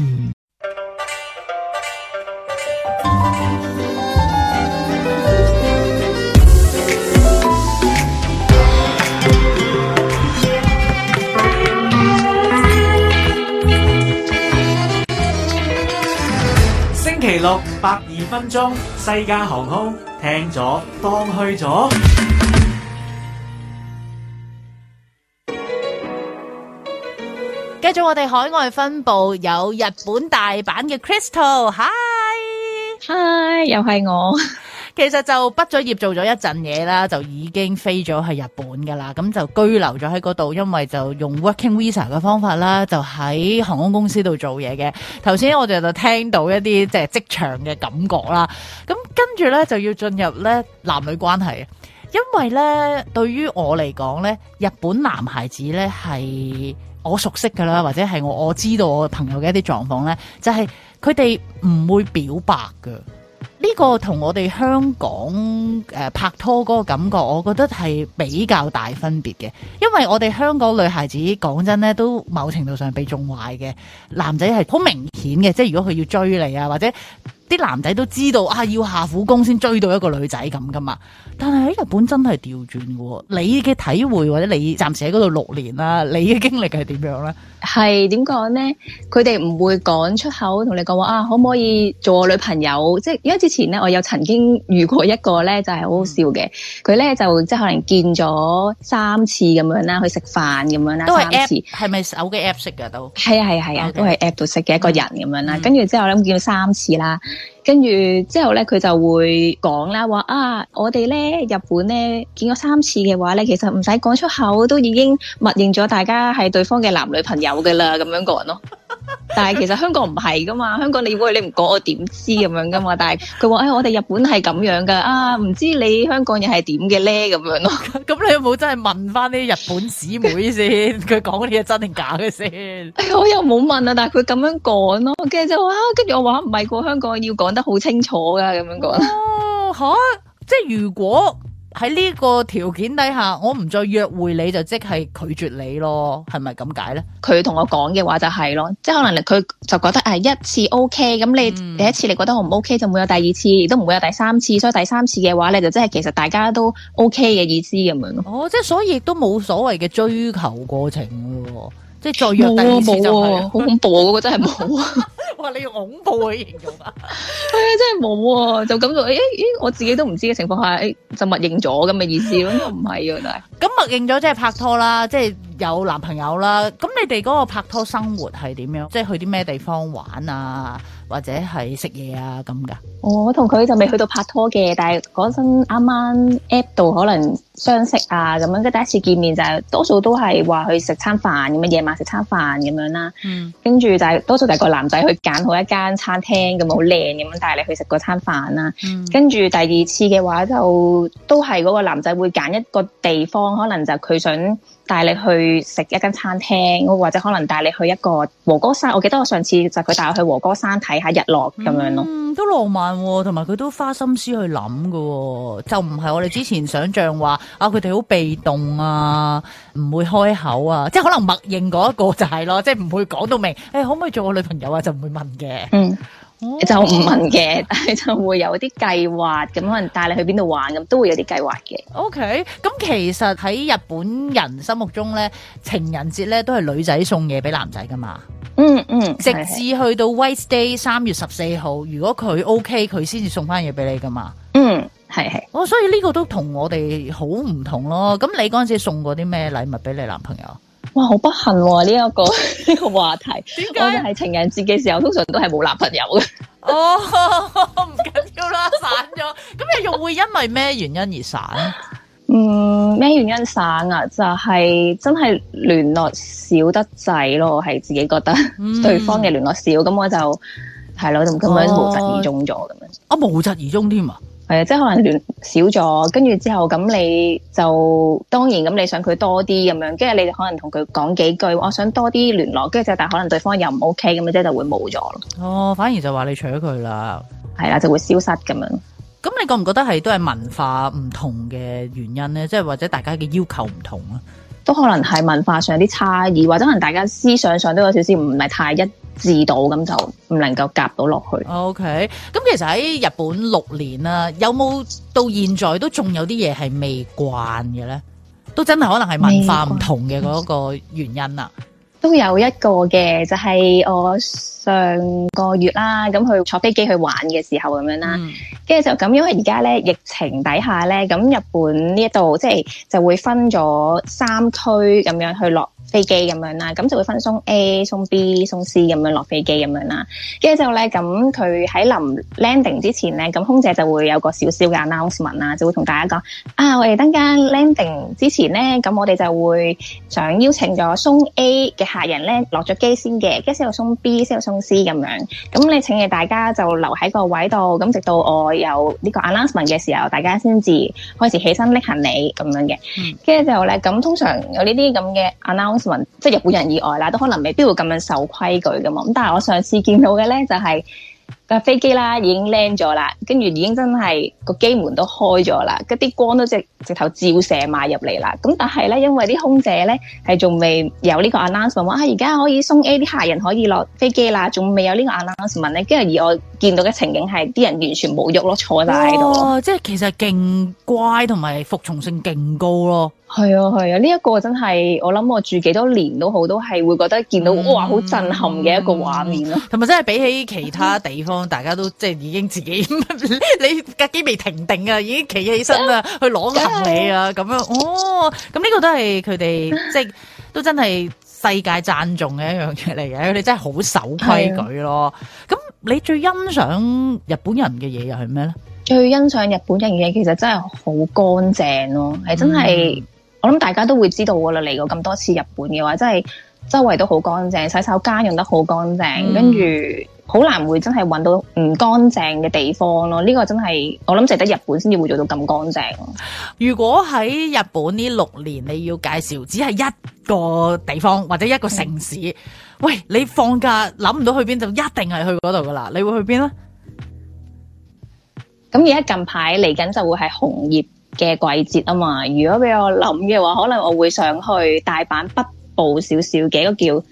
星期六，百二分鐘，世界航空聽咗，當去咗。我哋海外分部有日本大阪嘅 Crystal，Hi，Hi，又係我。 [laughs] 其實就畢咗業做咗一陣嘢啦，就已經飛咗去日本噶啦，咁就居留咗喺嗰度，因為就用 Working Visa 嘅方法啦，就喺航空公司度做嘢嘅。頭先我哋就聽到一啲即係職場嘅感覺啦，咁跟住咧就要進入咧男女關係，因為咧對於我嚟講咧，日本男孩子咧係。我熟悉噶啦，或者係我我知道我朋友嘅一啲狀況呢，就係佢哋唔會表白嘅。呢、這個同我哋香港誒、呃、拍拖嗰個感覺，我覺得係比較大分別嘅。因為我哋香港女孩子講真呢，都某程度上被縱壞嘅。男仔係好明顯嘅，即係如果佢要追你啊，或者。啲男仔都知道啊，要下苦功先追到一個女仔咁噶嘛。但係喺日本真係調轉嘅。你嘅體會或者你暫時喺嗰度六年啦，你嘅經歷係點樣咧？係點講咧？佢哋唔會講出口同你講話啊，可唔可以做我女朋友？即係因為之前咧，我有曾經遇過一個咧，就係好好笑嘅。佢咧、嗯、就即係可能見咗三次咁樣啦，去食飯咁樣啦。都係是 app，係咪手機 app 識噶 Okay. 都？係啊係係啊，都係 app 度識嘅一個人咁樣啦。嗯嗯、跟住之後咧，見咗三次啦。跟住之後呢，佢就會講啦，話啊，我哋呢日本呢見咗三次嘅話呢，其實唔使講出口都已經默認咗大家係對方嘅男女朋友噶啦，咁樣講咯。 [laughs] 但係其實香港唔係噶嘛，香港你會你唔講我點知咁樣噶嘛？ [laughs] 但係佢話誒，我哋日本係咁樣噶，啊，唔知你香港又係點嘅咧咁樣咯？咁 [laughs] [laughs] 你有冇真係問翻啲日本姊妹先？佢講嗰啲嘢，真定假嘅先、 [laughs] 哎？我又冇問啊，但係佢咁樣講咯，跟住就話，跟住我話唔係過香港要講得好清楚噶，咁樣講。哦，吓，即係如果。喺呢個條件底下，我唔再約會你，就即係拒絕你咯，係咪咁解呢？佢同我講嘅話就係咯，即係可能佢就覺得誒一次 OK，咁、嗯、你第一次你覺得我唔 OK 就冇有第二次，亦都唔會有第三次，所以第三次嘅話咧就即係其實大家都 OK 嘅意思咁樣咯。哦，即係所以亦都冇所謂嘅追求過程咯。即係再約第二次就係、是，好、啊啊、恐怖啊！嗰個真係冇啊！哇，你用恐怖去形容啊！哎呀， [laughs] 真係冇啊！就感覺誒誒，我自己都唔知嘅情況下，欸、就默認咗咁嘅意思咯，唔係啊，但係咁默認咗即係拍拖啦，即係有男朋友啦。咁你哋嗰個拍拖生活係點樣？即係去啲咩地方玩啊？或者係食嘢啊咁噶，哦？我同佢就未去到拍拖嘅，但係嗰陣啱啱 A P P 度可能相識啊咁樣，跟第一次見面就係、是、多數都係話去食餐飯咁樣，夜晚食餐飯咁樣啦。嗯，跟住就係、是、多數就係個男仔去揀好一間餐廳咁好靚咁樣帶你去食嗰餐飯啦。跟住、嗯、第二次嘅話就都係嗰個男仔會揀一個地方，可能就佢想。帶你去食一間餐廳，或者可能帶你去一個和歌山。我記得我上次就佢帶我去和歌山睇下日落咁樣咯。嗯，都浪漫喎，哦，同埋佢都花心思去諗噶、哦，就唔係我哋之前想象話啊，佢哋好被動啊，唔會開口啊，即係可能默認嗰一個就係咯，即係唔會講到明，誒、欸，可唔可以做我女朋友啊？就唔會問嘅。嗯。就唔問嘅，但係就會有啲計劃咁，可能帶你去邊度玩咁，都會有啲計劃嘅。OK，咁其實喺日本人心目中呢，情人節呢都係女仔送嘢俾男仔噶嘛。嗯嗯，嗯直至去到 White Day 三月十四號，如果佢 OK，佢先至送翻嘢俾你噶嘛嗯。嗯，係、嗯、係。哦，oh, 所以呢個都同我哋好唔同咯。咁你嗰陣時送過啲咩禮物俾你男朋友？哇，好不幸喎，啊！呢一個呢個話題，何我哋係情人節嘅時候通常都係冇男朋友嘅。哦，唔緊要啦， [laughs] 散咗。咁你又會因為咩原因而散？嗯，咩原因散啊？就係、是、真係聯絡少得滯咯，係自己覺得對方嘅聯絡少，咁、嗯、我就係咯，咁咁樣無疾而終咗咁樣。啊，無疾而終添啊！誒，即係可能聯少咗，跟住之後咁你就當然咁，你想佢多啲咁樣，跟住你可能同佢講幾句，我想多啲聯絡，跟住就但可能對方又唔 OK 咁，即就會冇咗咯。哦，反而就話你娶咗佢啦，係啦，就會消失咁樣。咁你覺唔覺得係都係文化唔同嘅原因咧？即係或者大家嘅要求唔同啊？都可能係文化上有啲差異，或者可能大家思想上都有少少唔係太一。治到咁就唔能夠夾到落去。OK，咁其實喺日本六年啦，有冇到現在都仲有啲嘢係未慣嘅咧？都真係可能係文化唔同嘅嗰個原因啊！都有一個嘅，就係我上個月啦，咁去坐飛機去玩嘅時候咁樣啦，跟住就咁，因為而家咧疫情底下咧，咁日本呢度即係就會分咗三區咁樣去落。飛機咁樣啦，咁就會分送 A、送 B、送 C 咁樣落飛機咁樣啦。跟住之後咧，咁佢喺臨 landing 之前咧，咁空姐就會有個少少嘅 announcement 啦，就會同大家講：啊，我哋等間 landing 之前咧，咁我哋就會想邀請咗送 A 嘅客人咧落咗機先嘅，跟住之後送 B、先到送 C 咁樣。咁你請嘅大家就留喺個位度，咁直到我有呢個 announcement 嘅時候，大家先至開始起身拎行李咁樣嘅。跟住之後咧，咁通常有呢啲咁嘅 announcement。即係日本人以外啦，都可能未必會咁樣守規矩㗎嘛。咁但係我上次見到嘅咧，就係、是、架飛機啦，已經 land 咗啦，跟住已經真係個機門都開咗啦，跟啲光都直直頭照射埋入嚟啦。咁但係咧，因為啲空姐咧係仲未有呢個 announcement，哇、啊！而家可以送 A 啲客人可以落飛機啦，仲未有呢個 announcement 咧。跟住而我見到嘅情景係，啲人完全冇喐咯，坐晒喺度。即係其實勁乖同埋服從性勁高咯。係啊係啊，呢一、啊個真係我諗我住幾多年都好，都係會覺得見到、嗯、哇好震撼嘅一個畫面咯。同埋、嗯嗯、真係比起其他地方，大家都即係已經自己 [laughs] 你架機未停定啊，已經企起身啦，去攞行李啊，咁樣哦。咁呢個都係佢哋即係都真係世界讚頌嘅一樣嘢嚟嘅。佢哋真係好守規矩咯。咁、啊、你最欣賞日本人嘅嘢又係咩咧？最欣賞日本人嘅嘢其實真係好乾淨咯，係、嗯、 [music] 真係。我諗大家都會知道噶啦，嚟過咁多次日本嘅話，真係周圍都好乾淨，洗手間用得好乾淨，跟住好難會真係搵到唔乾淨嘅地方咯。呢、這個真係我諗淨得日本先至會做到咁乾淨。如果喺日本呢六年，你要介紹只係一個地方或者一個城市，嗯、喂，你放假諗唔到去邊就一定係去嗰度噶啦，你會去邊咧？咁而家近排嚟緊就會係紅葉嘅季節啊嘛，如果俾我諗嘅話，可能我會上去大阪北部少少嘅一個叫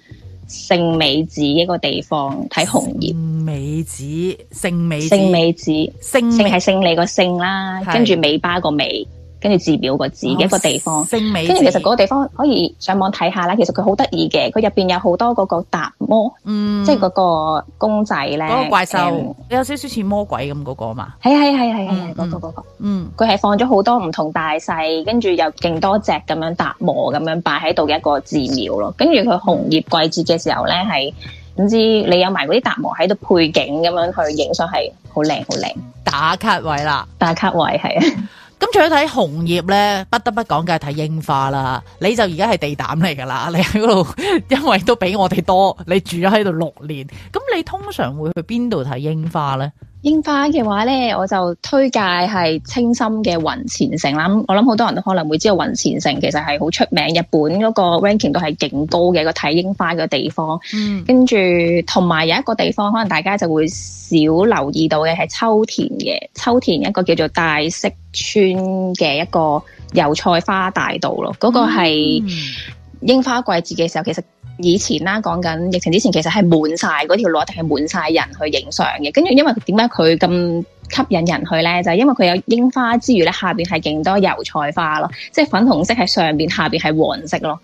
聖美子一個地方睇紅葉。聖美子，聖美聖美子聖係聖你個聖啦，跟住是尾巴個尾。跟住寺廟個字嘅一個地方，跟住其實嗰個地方可以上網睇下啦。其實佢好得意嘅，佢入邊有好多嗰個達摩，即係嗰個公仔咧，嗰個怪獸有少少似魔鬼咁嗰個嘛。係係係係係，嗰個嗰個，嗯，佢係放咗好多唔同大細，跟住又勁多隻咁樣達摩咁樣擺喺度嘅一個寺廟咯。跟住佢紅葉季節嘅時候咧，係總之你有埋嗰啲達摩喺度配景咁樣去影相，係好靚好靚。打卡位啦，打卡位係啊。咁除咗睇紅葉咧，不得不講梗係睇櫻花啦。你就而家係地膽嚟㗎啦，你喺嗰度，因為都比我哋多，你住咗喺度六年，咁你通常會去邊度睇櫻花咧？櫻花嘅話呢，我就推介係青森嘅弘前城啦。我諗好多人都可能會知道弘前城其實係好出名，日本嗰個 ranking 都係勁高嘅一個睇櫻花嘅地方。嗯，跟住同埋有一個地方，可能大家就會少留意到嘅係秋田嘅秋田一個叫做大潟村嘅一個油菜花大道咯。嗰、嗯、個係櫻花季節嘅時候，其實。以前啦，講緊疫情之前，其實係滿晒嗰條路，定係滿晒人去影相嘅。跟住，因為點解佢咁吸引人去咧？就係因為佢有櫻花之餘咧，下邊係勁多油菜花咯，即係粉紅色喺上邊，下邊係黃色咯。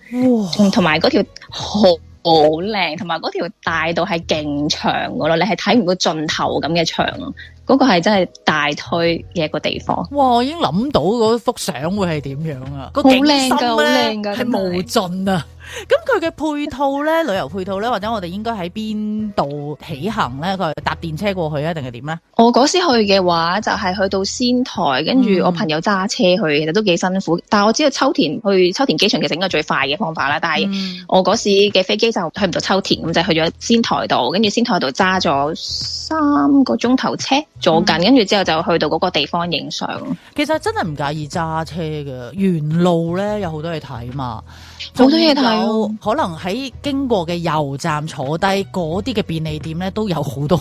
同埋嗰條好靚，同埋嗰條大道係勁長嘅咯，你係睇唔到盡頭咁嘅長。嗰個係真係大推嘅一個地方。哇！我已經諗到嗰幅相會係點樣啊！好靚㗎，好靚㗎，係無盡啊！咁佢嘅配套呢，旅遊配套呢，或者我哋應該喺邊度起行呢？佢搭電車過去啊，定係點呢？呢我嗰時去嘅話，就係、是、去到仙台，跟住、嗯、我朋友揸車去，其實都幾辛苦。但係我知道秋田去秋田機場其實應該最快嘅方法啦。但係我嗰時嘅飛機就去唔到秋田，咁就是、去咗仙台度，跟住仙台度揸咗三個鐘頭車坐，坐緊、嗯，跟住之後就去到嗰個地方影相。其實真係唔介意揸車㗎，沿路呢，有好多嘢睇嘛。好多嘢睇，可能喺經過嘅油站坐低，嗰啲嘅便利店咧都有好多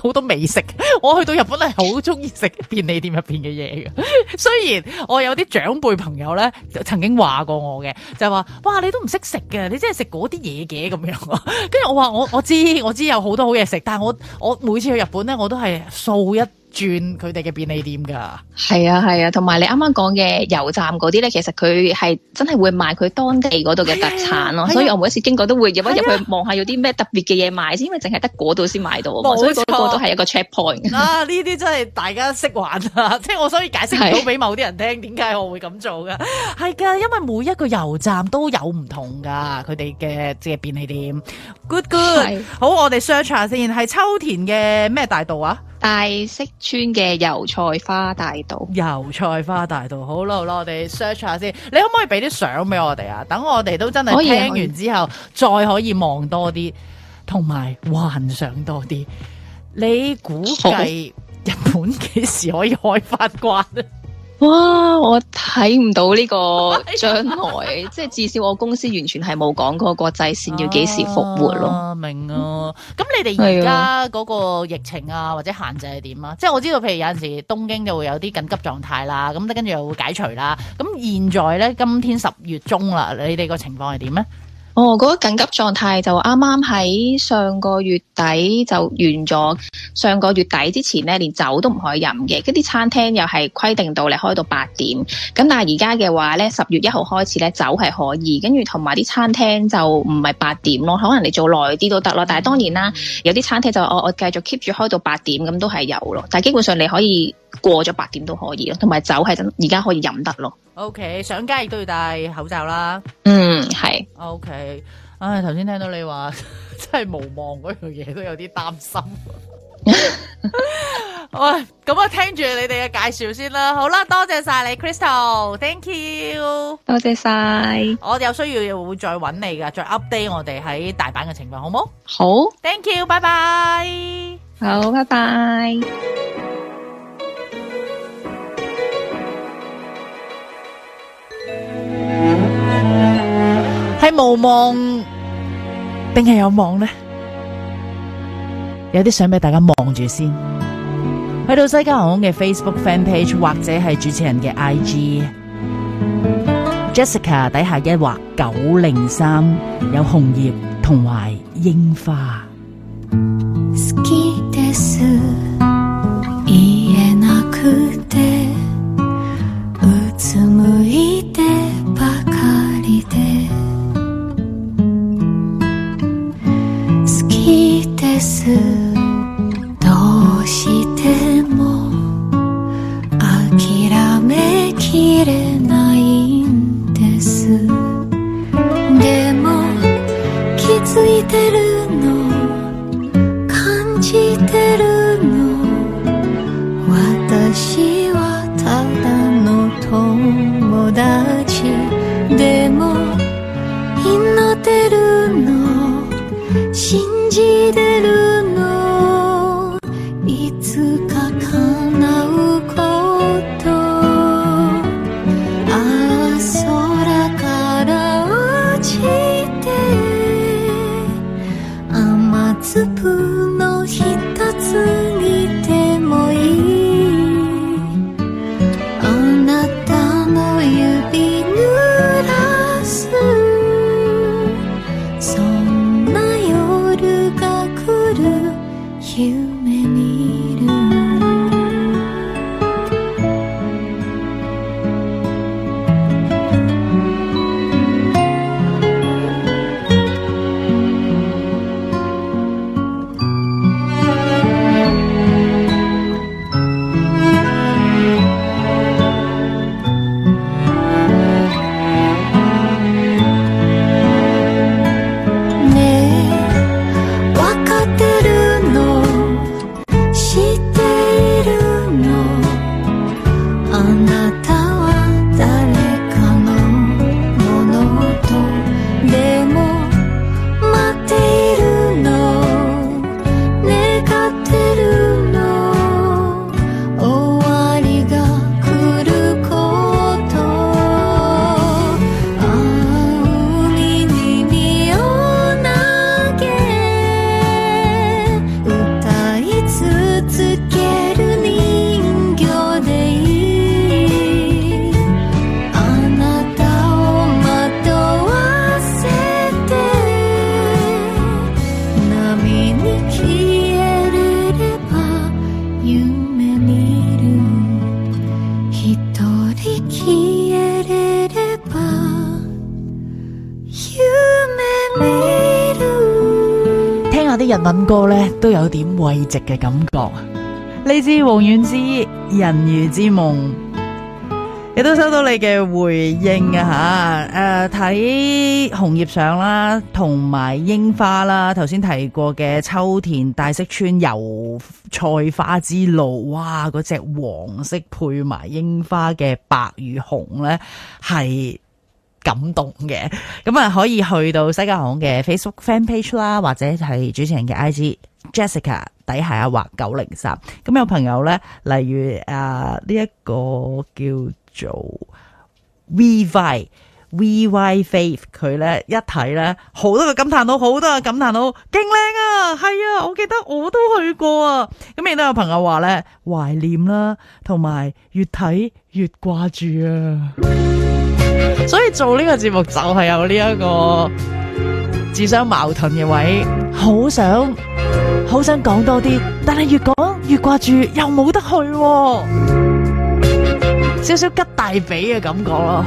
好多美食。我去到日本咧，好中意食便利店入邊嘅嘢嘅。雖然我有啲長輩朋友咧曾經話過我嘅，就係話：哇，你都唔識食嘅，你真係食嗰啲嘢嘅咁樣。跟 [laughs] 住我話：我我知，我知，我知有好多好嘢食，但係我我每次去日本咧，我都係掃一。轉佢哋嘅便利店噶係啊係啊，同埋、啊、你啱啱講嘅油站嗰啲咧，其實佢係真係會賣佢當地嗰度嘅特產咯，啊啊、所以我每一次經過都會入一入去望下有啲咩特別嘅嘢賣，先啊、因為淨係得嗰度先買到，錯所以嗰個都係一個 check point。啊，呢啲真係大家識玩啊！即係我所以解釋唔到俾某啲人聽，點解、啊、我會咁做噶？係 [laughs] 噶因為每一個油站都有唔同噶佢哋嘅即係便利店。Good good，好，我哋 search 下先，係秋田嘅咩大道啊？大息村嘅油菜花大道，油菜花大道。好啦好啦，我哋 search 下先。你可唔可以俾啲相俾我哋啊？等我哋都真係聽完之後，可可再可以望多啲，同埋幻想多啲。你估計日本幾時可以開翻關啊？ [laughs] 哇！我睇唔到呢個將來， [laughs] 即係至少我公司完全係冇講過國際線要幾時復活咯、啊。明啊！咁、嗯、你哋而家嗰個疫情啊，或者限制係點啊？即係我知道，譬如有陣時東京就會有啲緊急狀態啦，咁跟住又會解除啦。咁現在呢，今天十月中啦，你哋個情況係點呢？哦，嗰、嗰個緊急狀態就啱啱喺上個月底就完咗。上個月底之前呢，連酒都唔可以飲嘅。跟啲餐廳又係規定到你開到八點。咁但係而家嘅話呢，十月一號開始呢，酒係可以。跟住同埋啲餐廳就唔係八點咯，可能你做耐啲都得咯。但係當然啦，有啲餐廳就、哦、我我繼續 keep 住開到八點，咁都係有咯。但係基本上你可以。過咗八點都可以咯，同埋酒係真而家可以飲得咯。OK, 上街亦都要戴口罩啦。嗯，係。OK，唉，頭先聽到你話 [laughs] 真係無望嗰樣嘢，都有啲擔心。喂， [laughs] [laughs] [laughs] 咁啊，我聽住你哋嘅介紹先啦。好啦，多謝晒你，Crystal，Thank you，多謝晒。我哋有需要會再揾你噶，再 update 我哋喺大阪嘅情況，好冇？好。Thank you，拜拜。好，拜拜。係無望定係有望呢？有啲相俾大家望住先，去到西加航空嘅 Facebook fan page 或者係主持人嘅 IG Jessica 底下一劃九零三，有紅葉同埋櫻花。有點慰藉嘅感覺，呢支王菀之《人魚之夢》亦都收到你嘅回應啊！誒、呃，睇紅葉相啦，同埋櫻花啦，頭先提過嘅秋田大色川油菜花之路，哇！嗰隻黃色配埋櫻花嘅白與紅咧，係～感動嘅，咁、嗯、啊，可以去到西加航空嘅 Facebook Fan Page 啦，或者係主持人嘅 I G Jessica 底下啊，或九零三。咁、嗯、有朋友咧，例如啊呢一、這個叫做 V Y V Y Faith，佢咧一睇咧好多嘅感嘆到，好多嘅感嘆到，勁靚啊，係啊，我記得我都去過啊。咁亦都有朋友話咧懷念啦，同埋越睇越掛住啊。 [music] 所以做呢個節目就係有呢、這、一個自相矛盾嘅位，好想好想講多啲，但係越講越掛住，又冇得去、哦，少少拮大髀嘅感覺咯。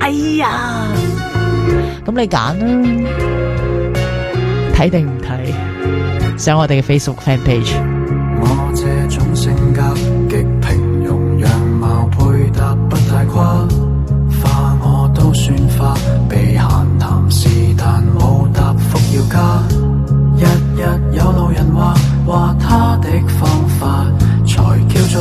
哎呀，咁你揀啦，睇定唔睇？上我哋嘅 Facebook Fan Page。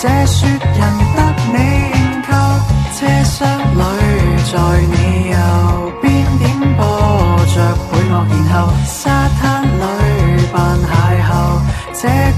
這雪人得你認購，車廂裏在你右邊點播着配樂，然後沙灘裏扮邂逅。這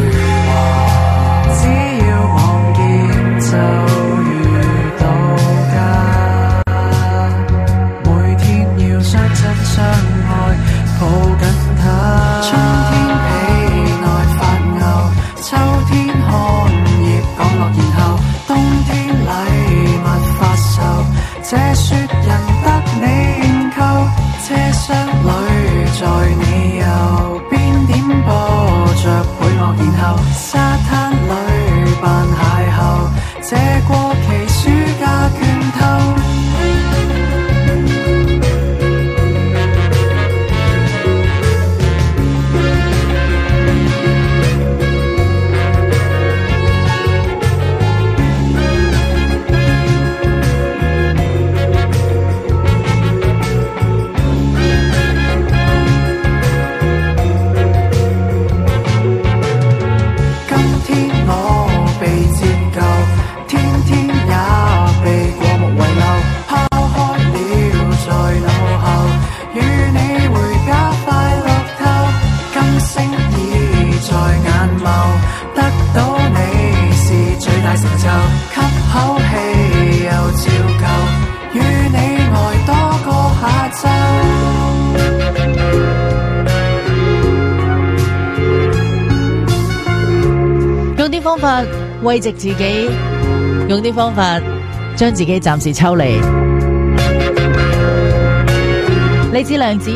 慰藉自己，用啲方法將自己暫時抽離。李志良子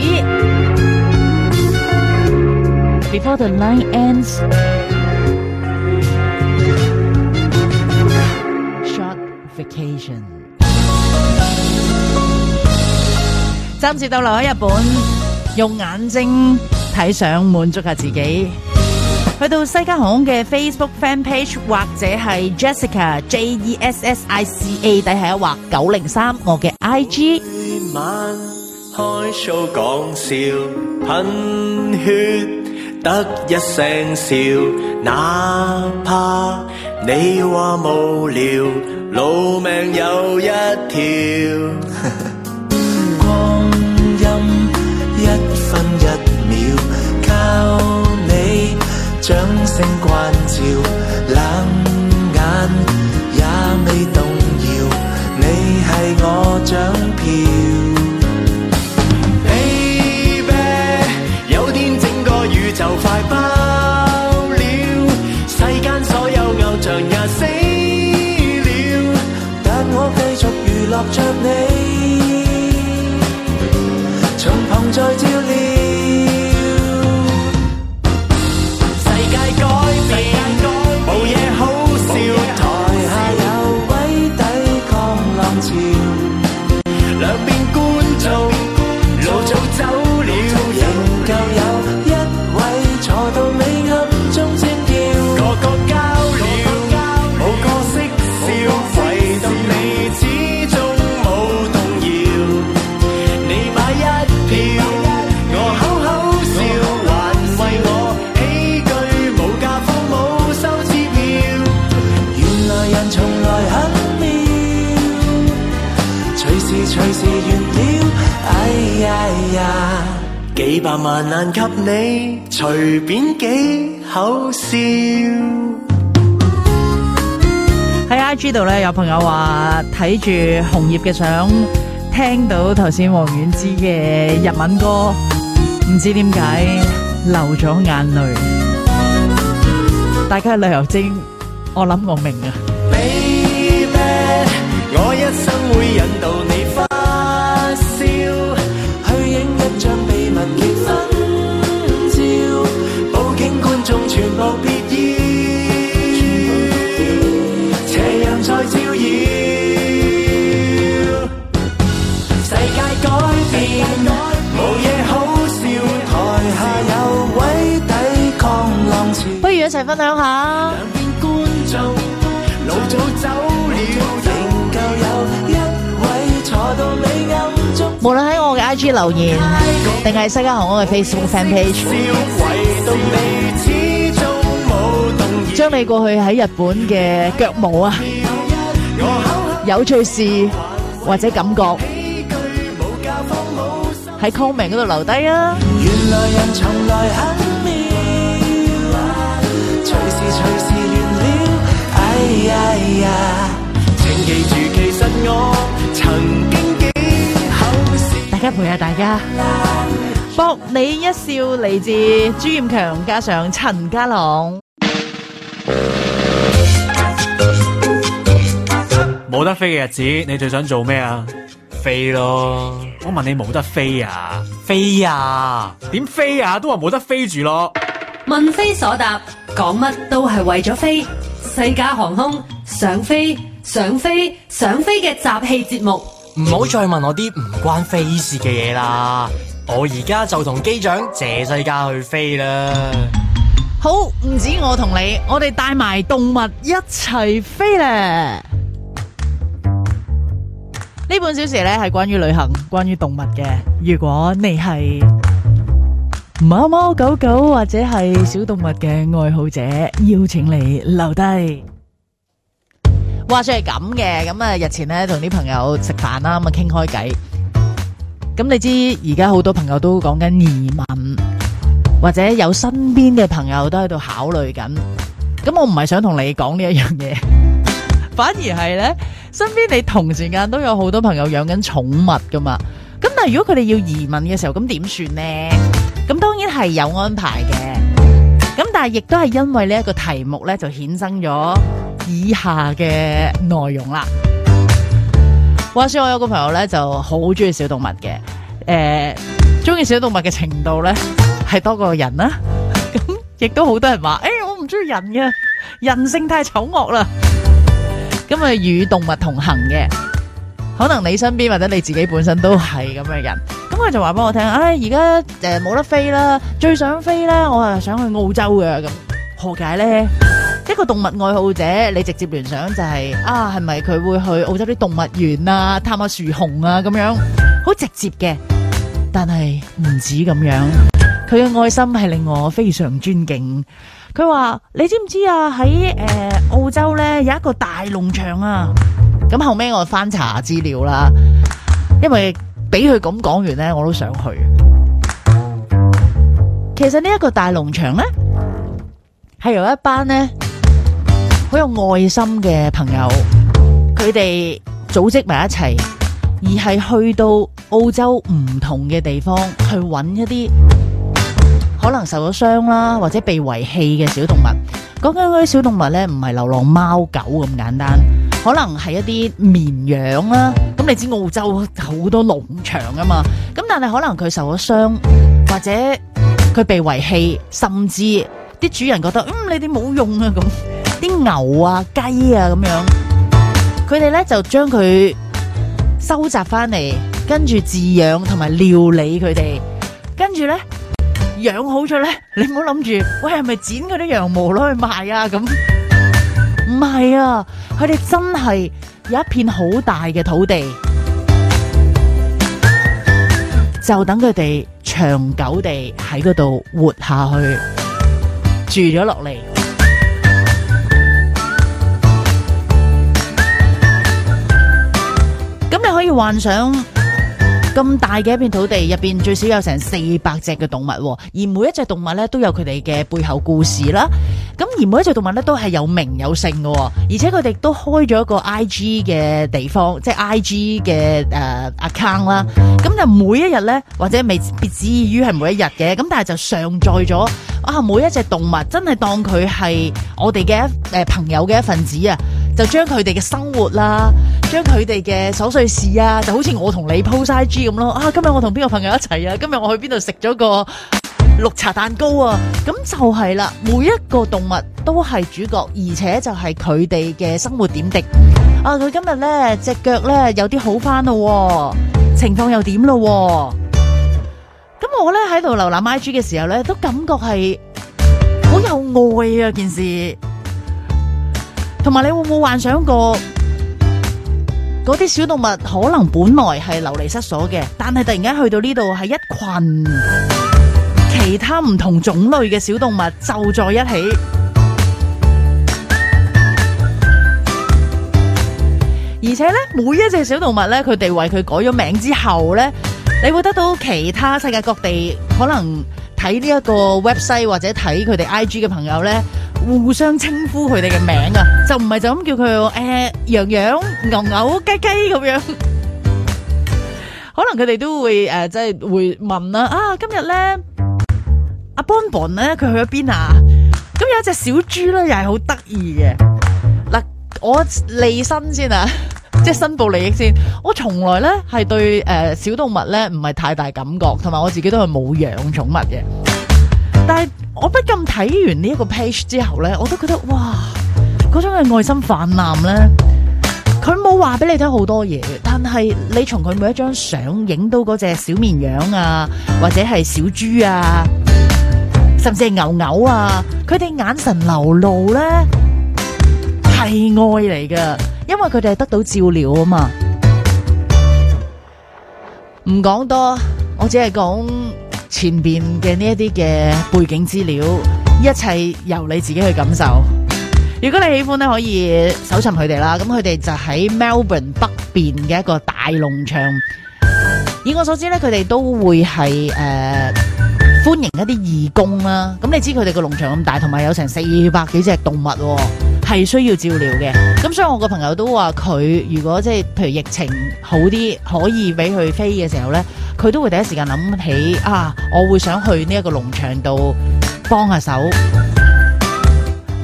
，Before the line ends，short vacation，暫時逗留喺日本，用眼睛睇相滿足下自己。去到西加航空嘅 Facebook fan page 或者係 Jessica J-E-S-S-I-C-A 底下一畫九零三我嘅 IG 每晚開講笑噴血得一聲笑哪怕你話無聊老命有一條冷眼也未動搖，你係我獎票。Baby，有天整個宇宙快爆了，世間所有偶像也死了，但我繼續娛樂着你，從旁在照呢度咧有朋友話睇住紅葉嘅相，聽到頭先王菀之嘅日文歌，唔知點解流咗眼淚。大家係旅遊精，我諗我明啊。Baby，我一生會引導。無論喺我嘅 IG 留言，定係世界行安西加航空嘅 Facebook fan page，將你過去喺日本嘅腳舞啊，有趣事或者感覺喺 comment 嗰度留低啊。呀，請記住。其實我曾經幾好，大家陪下大家，博你一笑，嚟自朱彥強加上陳家朗。冇得飛嘅日子，你最想做咩啊？飛咯！我問你冇得飛啊？飛啊？點飛啊？都話冇得飛住咯。問非所答，講乜都係為咗飛。西加航空想飛想飛想飛嘅雜戲節目，唔好再問我啲唔關飛事嘅嘢啦。我而家就同機長謝世嘉去飛啦。好，唔止我同你，我哋帶埋動物一齊飛咧。呢半小時咧係關於旅行、關於動物嘅。如果你係。貓貓狗狗或者係小動物嘅愛好者，邀請你留低。話說係咁嘅，咁啊，日前咧同啲朋友食飯啦，咁啊傾開偈。咁你知而家好多朋友都講緊移民，或者有身邊嘅朋友都喺度考慮緊。咁我唔係想同你講呢一樣嘢，反而係咧身邊你同時間都有好多朋友養緊寵物噶嘛。咁但係如果佢哋要移民嘅時候，咁點算呢？咁當然係有安排嘅，咁但係亦都係因為呢一個題目咧，就衍生咗以下嘅內容啦。話說我有個朋友咧就好中意小動物嘅，誒、欸，中意小動物嘅程度咧係多過人啦、啊。咁亦都好多人話，誒、欸，我唔中意人嘅，人性太醜惡啦。咁啊與動物同行嘅，可能你身邊或者你自己本身都係咁嘅人。咁佢就話俾我聽，唉、哎，而家誒冇得飛啦，最想飛咧，我係想去澳洲嘅，咁何解咧？一個動物愛好者，你直接聯想就係、是、啊，係咪佢會去澳洲啲動物園啊，探下樹熊啊咁樣，好直接嘅，但係唔止咁樣，佢嘅愛心係令我非常尊敬。佢話你知唔知啊？喺、呃、誒澳洲咧有一個大農場啊，咁後尾我翻查資料啦，因為。俾佢咁講完呢，我都想去。其實呢一個大農場呢，係由一班呢好有愛心嘅朋友，佢哋組織埋一齊，而係去到澳洲唔同嘅地方去揾一啲可能受咗傷啦，或者被遺棄嘅小動物。講緊嗰啲小動物呢，唔係流浪貓狗咁簡單，可能係一啲綿羊啦。你知澳洲好多農場啊嘛，咁但係可能佢受咗傷，或者佢被遺棄，甚至啲主人覺得嗯，你哋冇用啊咁，啲牛啊雞啊咁樣，佢哋咧就將佢收集翻嚟，跟住飼養同埋料理佢哋，跟住咧養好咗咧，你唔好諗住喂，係咪剪佢啲羊毛攞去賣啊咁。唔係啊！佢哋真係有一片好大嘅土地， [music] 就等佢哋長久地喺嗰度活下去，住咗落嚟。咁 [music] 你可以幻想咁大嘅一片土地，入邊最少有成四百隻嘅動物，而每一隻動物咧都有佢哋嘅背後故事啦。咁而每一隻動物咧都係有名有姓嘅，而且佢哋都開咗一個 I G 嘅地方，即係 I G 嘅，誒 account 啦。咁就每一日咧，或者未別止於係每一日嘅，咁但係就上載咗啊。每一隻動物真係當佢係我哋嘅一誒朋友嘅一份子啊，就將佢哋嘅生活啦，將佢哋嘅瑣碎事啊，就好似我同你 post I G 咁咯。啊，今日我同邊個朋友一齊啊？今日我去邊度食咗個綠茶蛋糕啊！咁就係啦，每一個動物都係主角，而且就係佢哋嘅生活點滴。啊，佢今日呢隻腳呢，有啲好翻咯，情況又點咯？咁我呢喺度瀏覽 IG 嘅時候呢，都感覺係好有愛啊！件事，同埋你會唔會幻想過嗰啲小動物可能本來係流離失所嘅，但係突然間去到呢度係一群。其他唔同種類嘅小動物就在一起，而且咧每一隻小動物咧，佢哋為佢改咗名之後咧，你會得到其他世界各地可能睇呢一個 website 或者睇佢哋 IG 嘅朋友咧，互相稱呼佢哋嘅名啊，就唔係就咁叫佢誒、呃，羊羊、牛牛雞雞、雞雞咁樣， [laughs] 可能佢哋都會誒、呃，即係會問啦，啊今日咧。阿 b o n 咧，佢、啊 bon bon、去咗邊啊？咁有一隻小豬咧，又係好得意嘅。嗱，我利申先啊，即係申報利益先。我從來咧係對誒、呃、小動物咧唔係太大感覺，同埋我自己都係冇養寵物嘅。但係我不禁睇完呢一個 page 之後咧，我都覺得哇，嗰種嘅愛心泛濫咧，佢冇話俾你聽好多嘢，但係你從佢每一張相影到嗰隻小綿羊啊，或者係小豬啊。甚至係牛牛啊！佢哋眼神流露咧係愛嚟㗎，因為佢哋係得到照料啊嘛。唔講多，我只係講前邊嘅呢一啲嘅背景資料，一切由你自己去感受。如果你喜歡咧，可以搜尋佢哋啦。咁佢哋就喺 Melbourne 北邊嘅一個大農場。以我所知咧，佢哋都會係誒。呃歡迎一啲義工啦、啊！咁你知佢哋個農場咁大，同埋有成四百幾隻動物喎，係需要照料嘅。咁所以我個朋友都話，佢如果即係，譬如疫情好啲，可以俾佢飛嘅時候呢，佢都會第一時間諗起啊，我會想去呢一個農場度幫下手。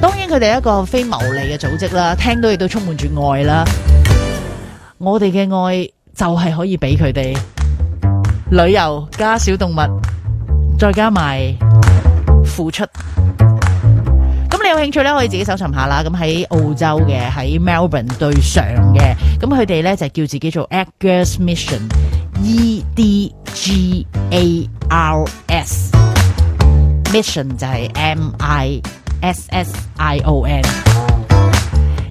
當然，佢哋一個非牟利嘅組織啦，聽到亦都充滿住愛啦。我哋嘅愛就係可以俾佢哋旅遊加小動物。再加埋付出，咁你有興趣咧，可以自己搜尋下啦。咁喺澳洲嘅喺 Melbourne 對上嘅，咁佢哋咧就叫自己做 Edgar's Mission，E D G A R S Mission 就係 M I S S I O N。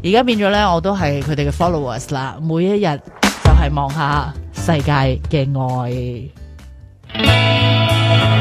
而家變咗咧，我都係佢哋嘅 followers 啦。每一日就係望下世界嘅愛。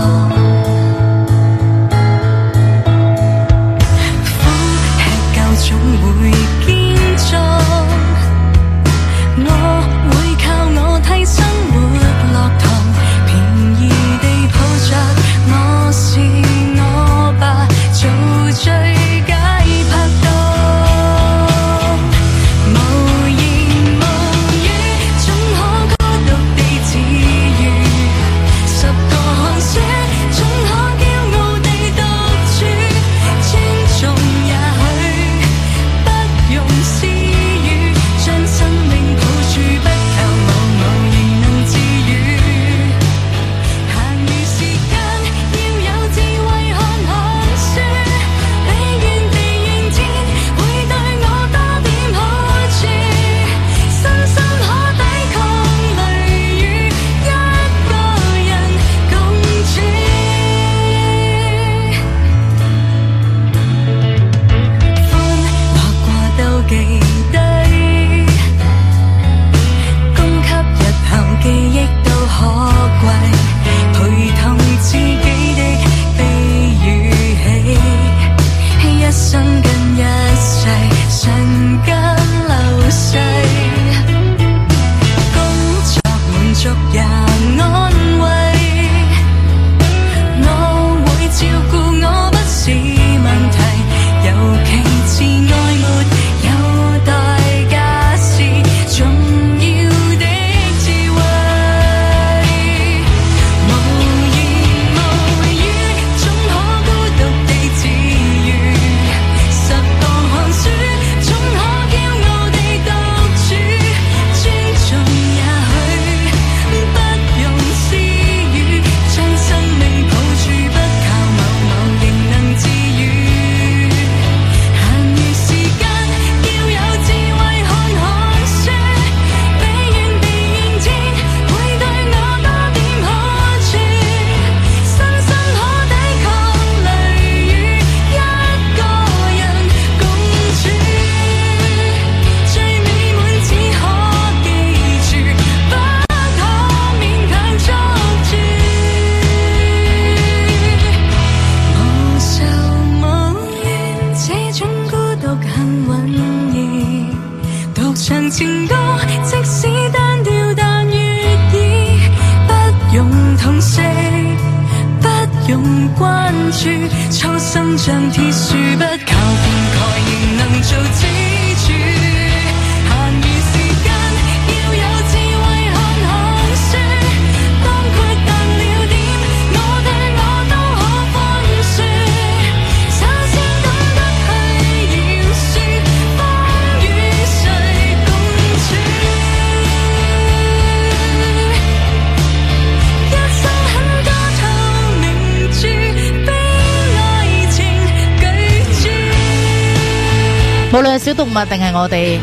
物定係我哋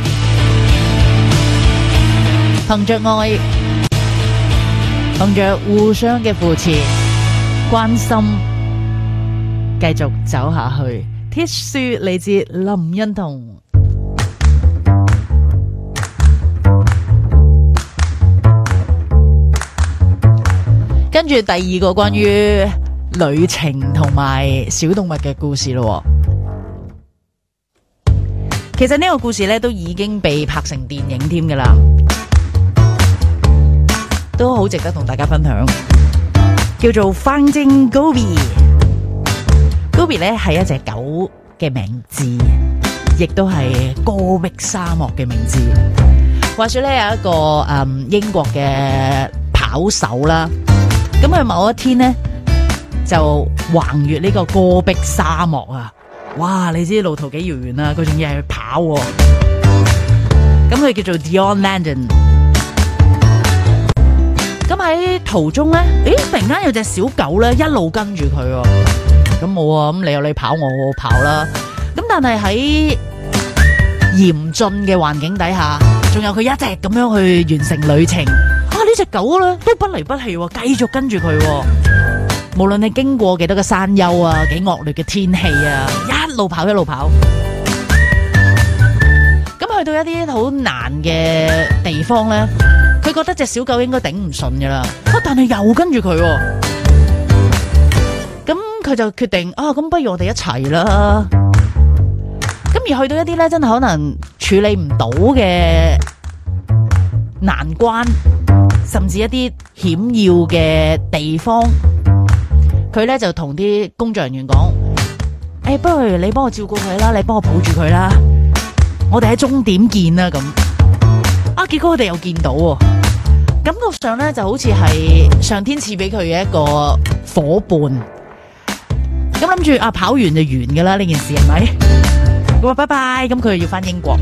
憑着愛，憑着互相嘅扶持、關心，繼續走下去。Tissue 嚟自林欣彤，跟住第二個關於旅程同埋小動物嘅故事咯。其實呢個故事咧都已經被拍成電影添噶啦，都好值得同大家分享，叫做《Finding Gobi》，Gobi 咧係一隻狗嘅名字，亦都係戈壁沙漠嘅名字。話說咧有一個誒、嗯、英國嘅跑手啦，咁佢某一天呢，就橫越呢個戈壁沙漠啊。哇！你知路途幾遙遠啦，佢仲要係去跑、啊，咁佢叫做 Deon London。咁、嗯、喺途中咧，誒，突然間有隻小狗咧一路跟住佢，咁冇啊，咁、嗯嗯啊、你有你跑，我我跑啦。咁、嗯、但係喺嚴峻嘅環境底下，仲有佢一隻咁樣去完成旅程。啊，隻呢隻狗咧都不離不棄、啊，繼續跟住佢、啊。無論你經過幾多個山丘啊，幾惡劣嘅天氣啊，一路跑一路跑。咁去到一啲好難嘅地方咧，佢覺得隻小狗應該頂唔順噶啦。但係又跟住佢，啊，咁佢就決定啊，咁不如我哋一齊啦。咁而去到一啲咧，真係可能處理唔到嘅難關，甚至一啲險要嘅地方。佢咧就同啲工作人員講：誒、欸，不如你幫我照顧佢啦，你幫我抱住佢啦，我哋喺終點見啦咁。啊，結果我哋又見到，感覺上咧就好似係上天賜俾佢嘅一個夥伴。咁諗住啊，跑完就完噶啦，呢件事係咪？咁話、啊、拜拜，咁佢又要翻英國。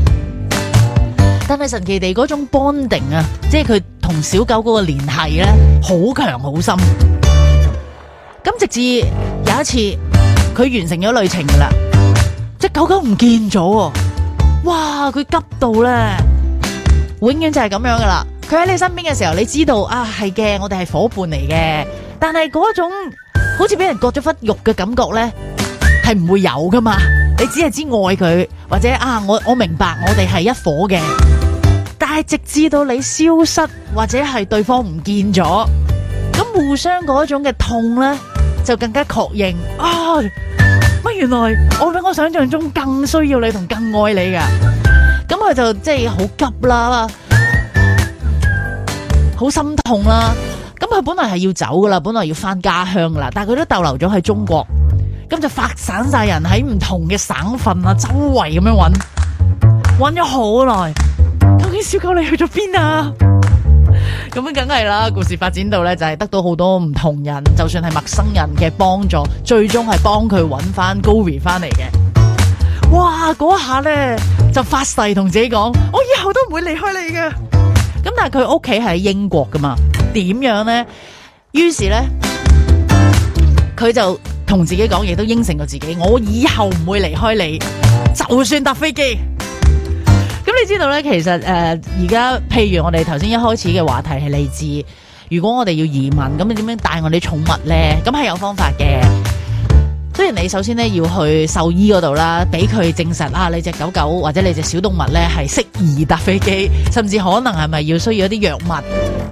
但係神奇地嗰種 bonding 啊，即係佢同小狗嗰個聯繫咧，好強好深。咁直至有一次佢完成咗旅程噶啦，隻狗狗唔見咗，哇佢急到咧，永遠就係咁樣噶啦。佢喺你身邊嘅時候，你知道啊，係嘅，我哋係伙伴嚟嘅。但係嗰種好似俾人割咗忽肉嘅感覺咧，係唔會有噶嘛。你只係知愛佢，或者啊，我我明白我哋係一伙嘅。但係直至到你消失或者係對方唔見咗，咁互相嗰種嘅痛咧。就更加確認啊！乜原來我比我想象中更需要你同更愛你噶咁佢就即係好急啦，好心痛啦。咁佢本來係要走噶啦，本來要翻家鄉噶啦，但係佢都逗留咗喺中國，咁就發散晒人喺唔同嘅省份啊，周圍咁樣搵，搵咗好耐，究竟小狗你去咗邊啊？咁梗係啦，故事發展到咧就係得到好多唔同人，就算係陌生人嘅幫助，最終係幫佢揾翻高 o r 翻嚟嘅。哇！嗰下咧就發誓同自己講，我以後都唔會離開你嘅。咁但係佢屋企係英國噶嘛？點樣咧？於是咧，佢就同自己講，亦都應承過自己，我以後唔會離開你，就算搭飛機。你知道咧，其實誒，而、呃、家譬如我哋頭先一開始嘅話題係嚟自。如果我哋要移民，咁你點樣帶我啲寵物咧？咁係有方法嘅。雖然你首先咧要去獸醫嗰度啦，俾佢證實啊，你隻狗狗或者你隻小動物咧係適宜搭飛機，甚至可能係咪要需要一啲藥物，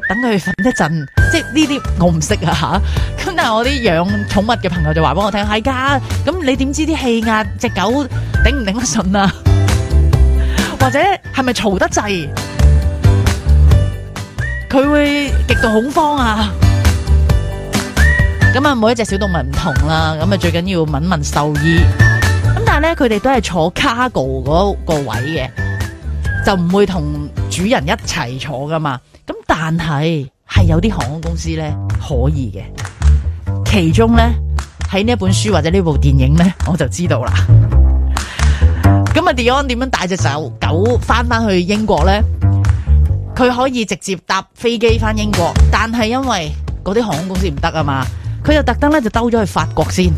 等佢瞓一陣。即係呢啲我唔識啊吓。咁、啊、但係我啲養寵物嘅朋友就話俾我聽係噶。咁 [music] 你點知啲氣壓隻狗頂唔頂得順啊？或者係咪嘈得滯？佢會極度恐慌啊！咁啊，每一隻小動物唔同啦，咁啊最緊要問問獸醫。咁但係咧，佢哋都係坐 cargo 嗰個位嘅，就唔會同主人一齊坐噶嘛。咁但係係有啲航空公司咧可以嘅，其中咧睇呢一本書或者呢部電影咧，我就知道啦。咁啊，迪安點樣帶隻小狗翻翻去英國咧？佢可以直接搭飛機翻英國，但係因為嗰啲航空公司唔得啊嘛，佢就特登咧就兜咗去法國先。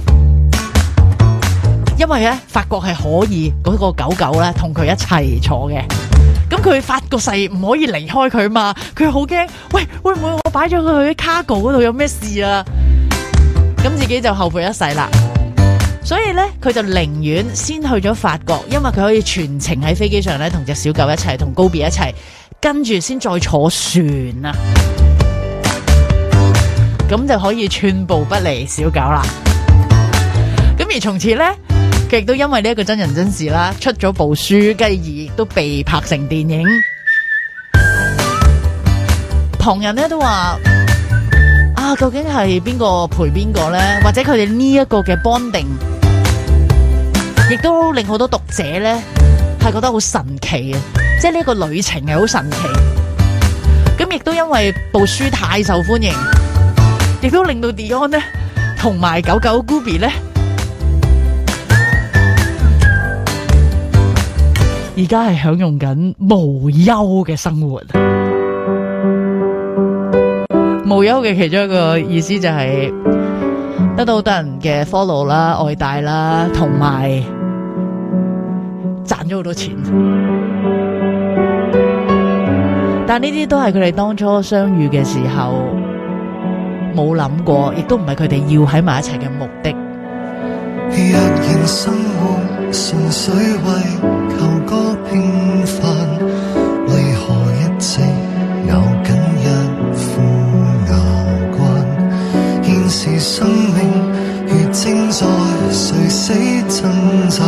因為咧法國係可以嗰個狗狗咧同佢一齊坐嘅，咁佢發個誓唔可以離開佢嘛，佢好驚，喂，會唔會我擺咗佢去 cargo 嗰度有咩事啊？咁自己就後悔一世啦。所以咧，佢就寧願先去咗法國，因為佢可以全程喺飛機上咧，同隻小狗一齊，同 Gobi 一齊，跟住先再坐船啊，咁 [music] 就可以寸步不離小狗啦。咁而從此咧，佢亦都因為呢一個真人真事啦，出咗部書，繼而亦都被拍成電影。 [music] 旁人咧都話，啊，究竟係邊個陪邊個咧？或者佢哋呢一個嘅 bonding？亦都令好多讀者咧係覺得好神奇嘅，即係呢一個旅程係好神奇。咁亦都因為部書太受歡迎，亦都令到 Dion 咧同埋狗狗 Gobi 咧而家係享用緊無憂嘅生活。無憂嘅其中一個意思就係、是、得到好多人嘅 follow 啦、愛戴啦，同埋。賺咗好多錢，但呢啲都係佢哋當初相遇嘅時候冇諗過，亦都唔係佢哋要喺埋一齊嘅目的。若然生活純粹為求個平凡，為何一直咬緊一副牙關？現時生命如正在垂死掙扎。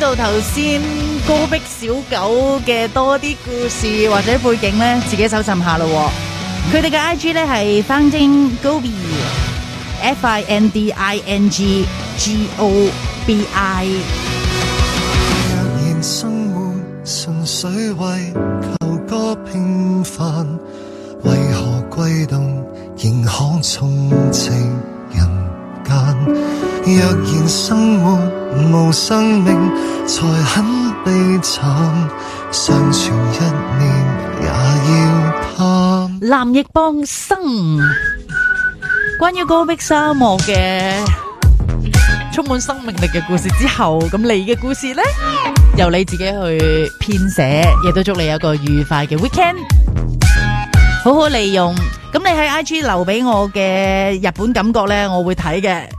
到頭先高逼小狗嘅多啲故事或者背景咧，自己搜尋下咯。佢哋嘅 I G 咧係 finding gobi，f i n d i n g g o b i。若然生活無生命，才很悲慘，尚存一年也要盼。藍奕邦生。關於戈壁沙漠嘅充滿生命力嘅故事之後，咁你嘅故事呢，由你自己去編寫，亦都祝你有個愉快嘅 weekend，好好利用。咁你喺 IG 留俾我嘅日本感覺呢，我會睇嘅。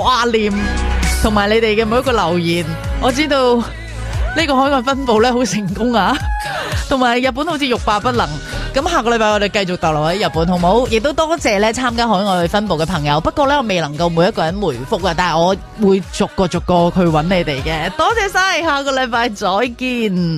掛念同埋你哋嘅每一個留言，我知道呢個海外分部咧好成功啊，同埋日本好似欲罷不能。咁下個禮拜我哋繼續逗留喺日本好唔好？亦都多謝咧參加海外分部嘅朋友。不過咧我未能夠每一個人回覆啊，但係我會逐個逐個去揾你哋嘅。多謝晒，下個禮拜再見。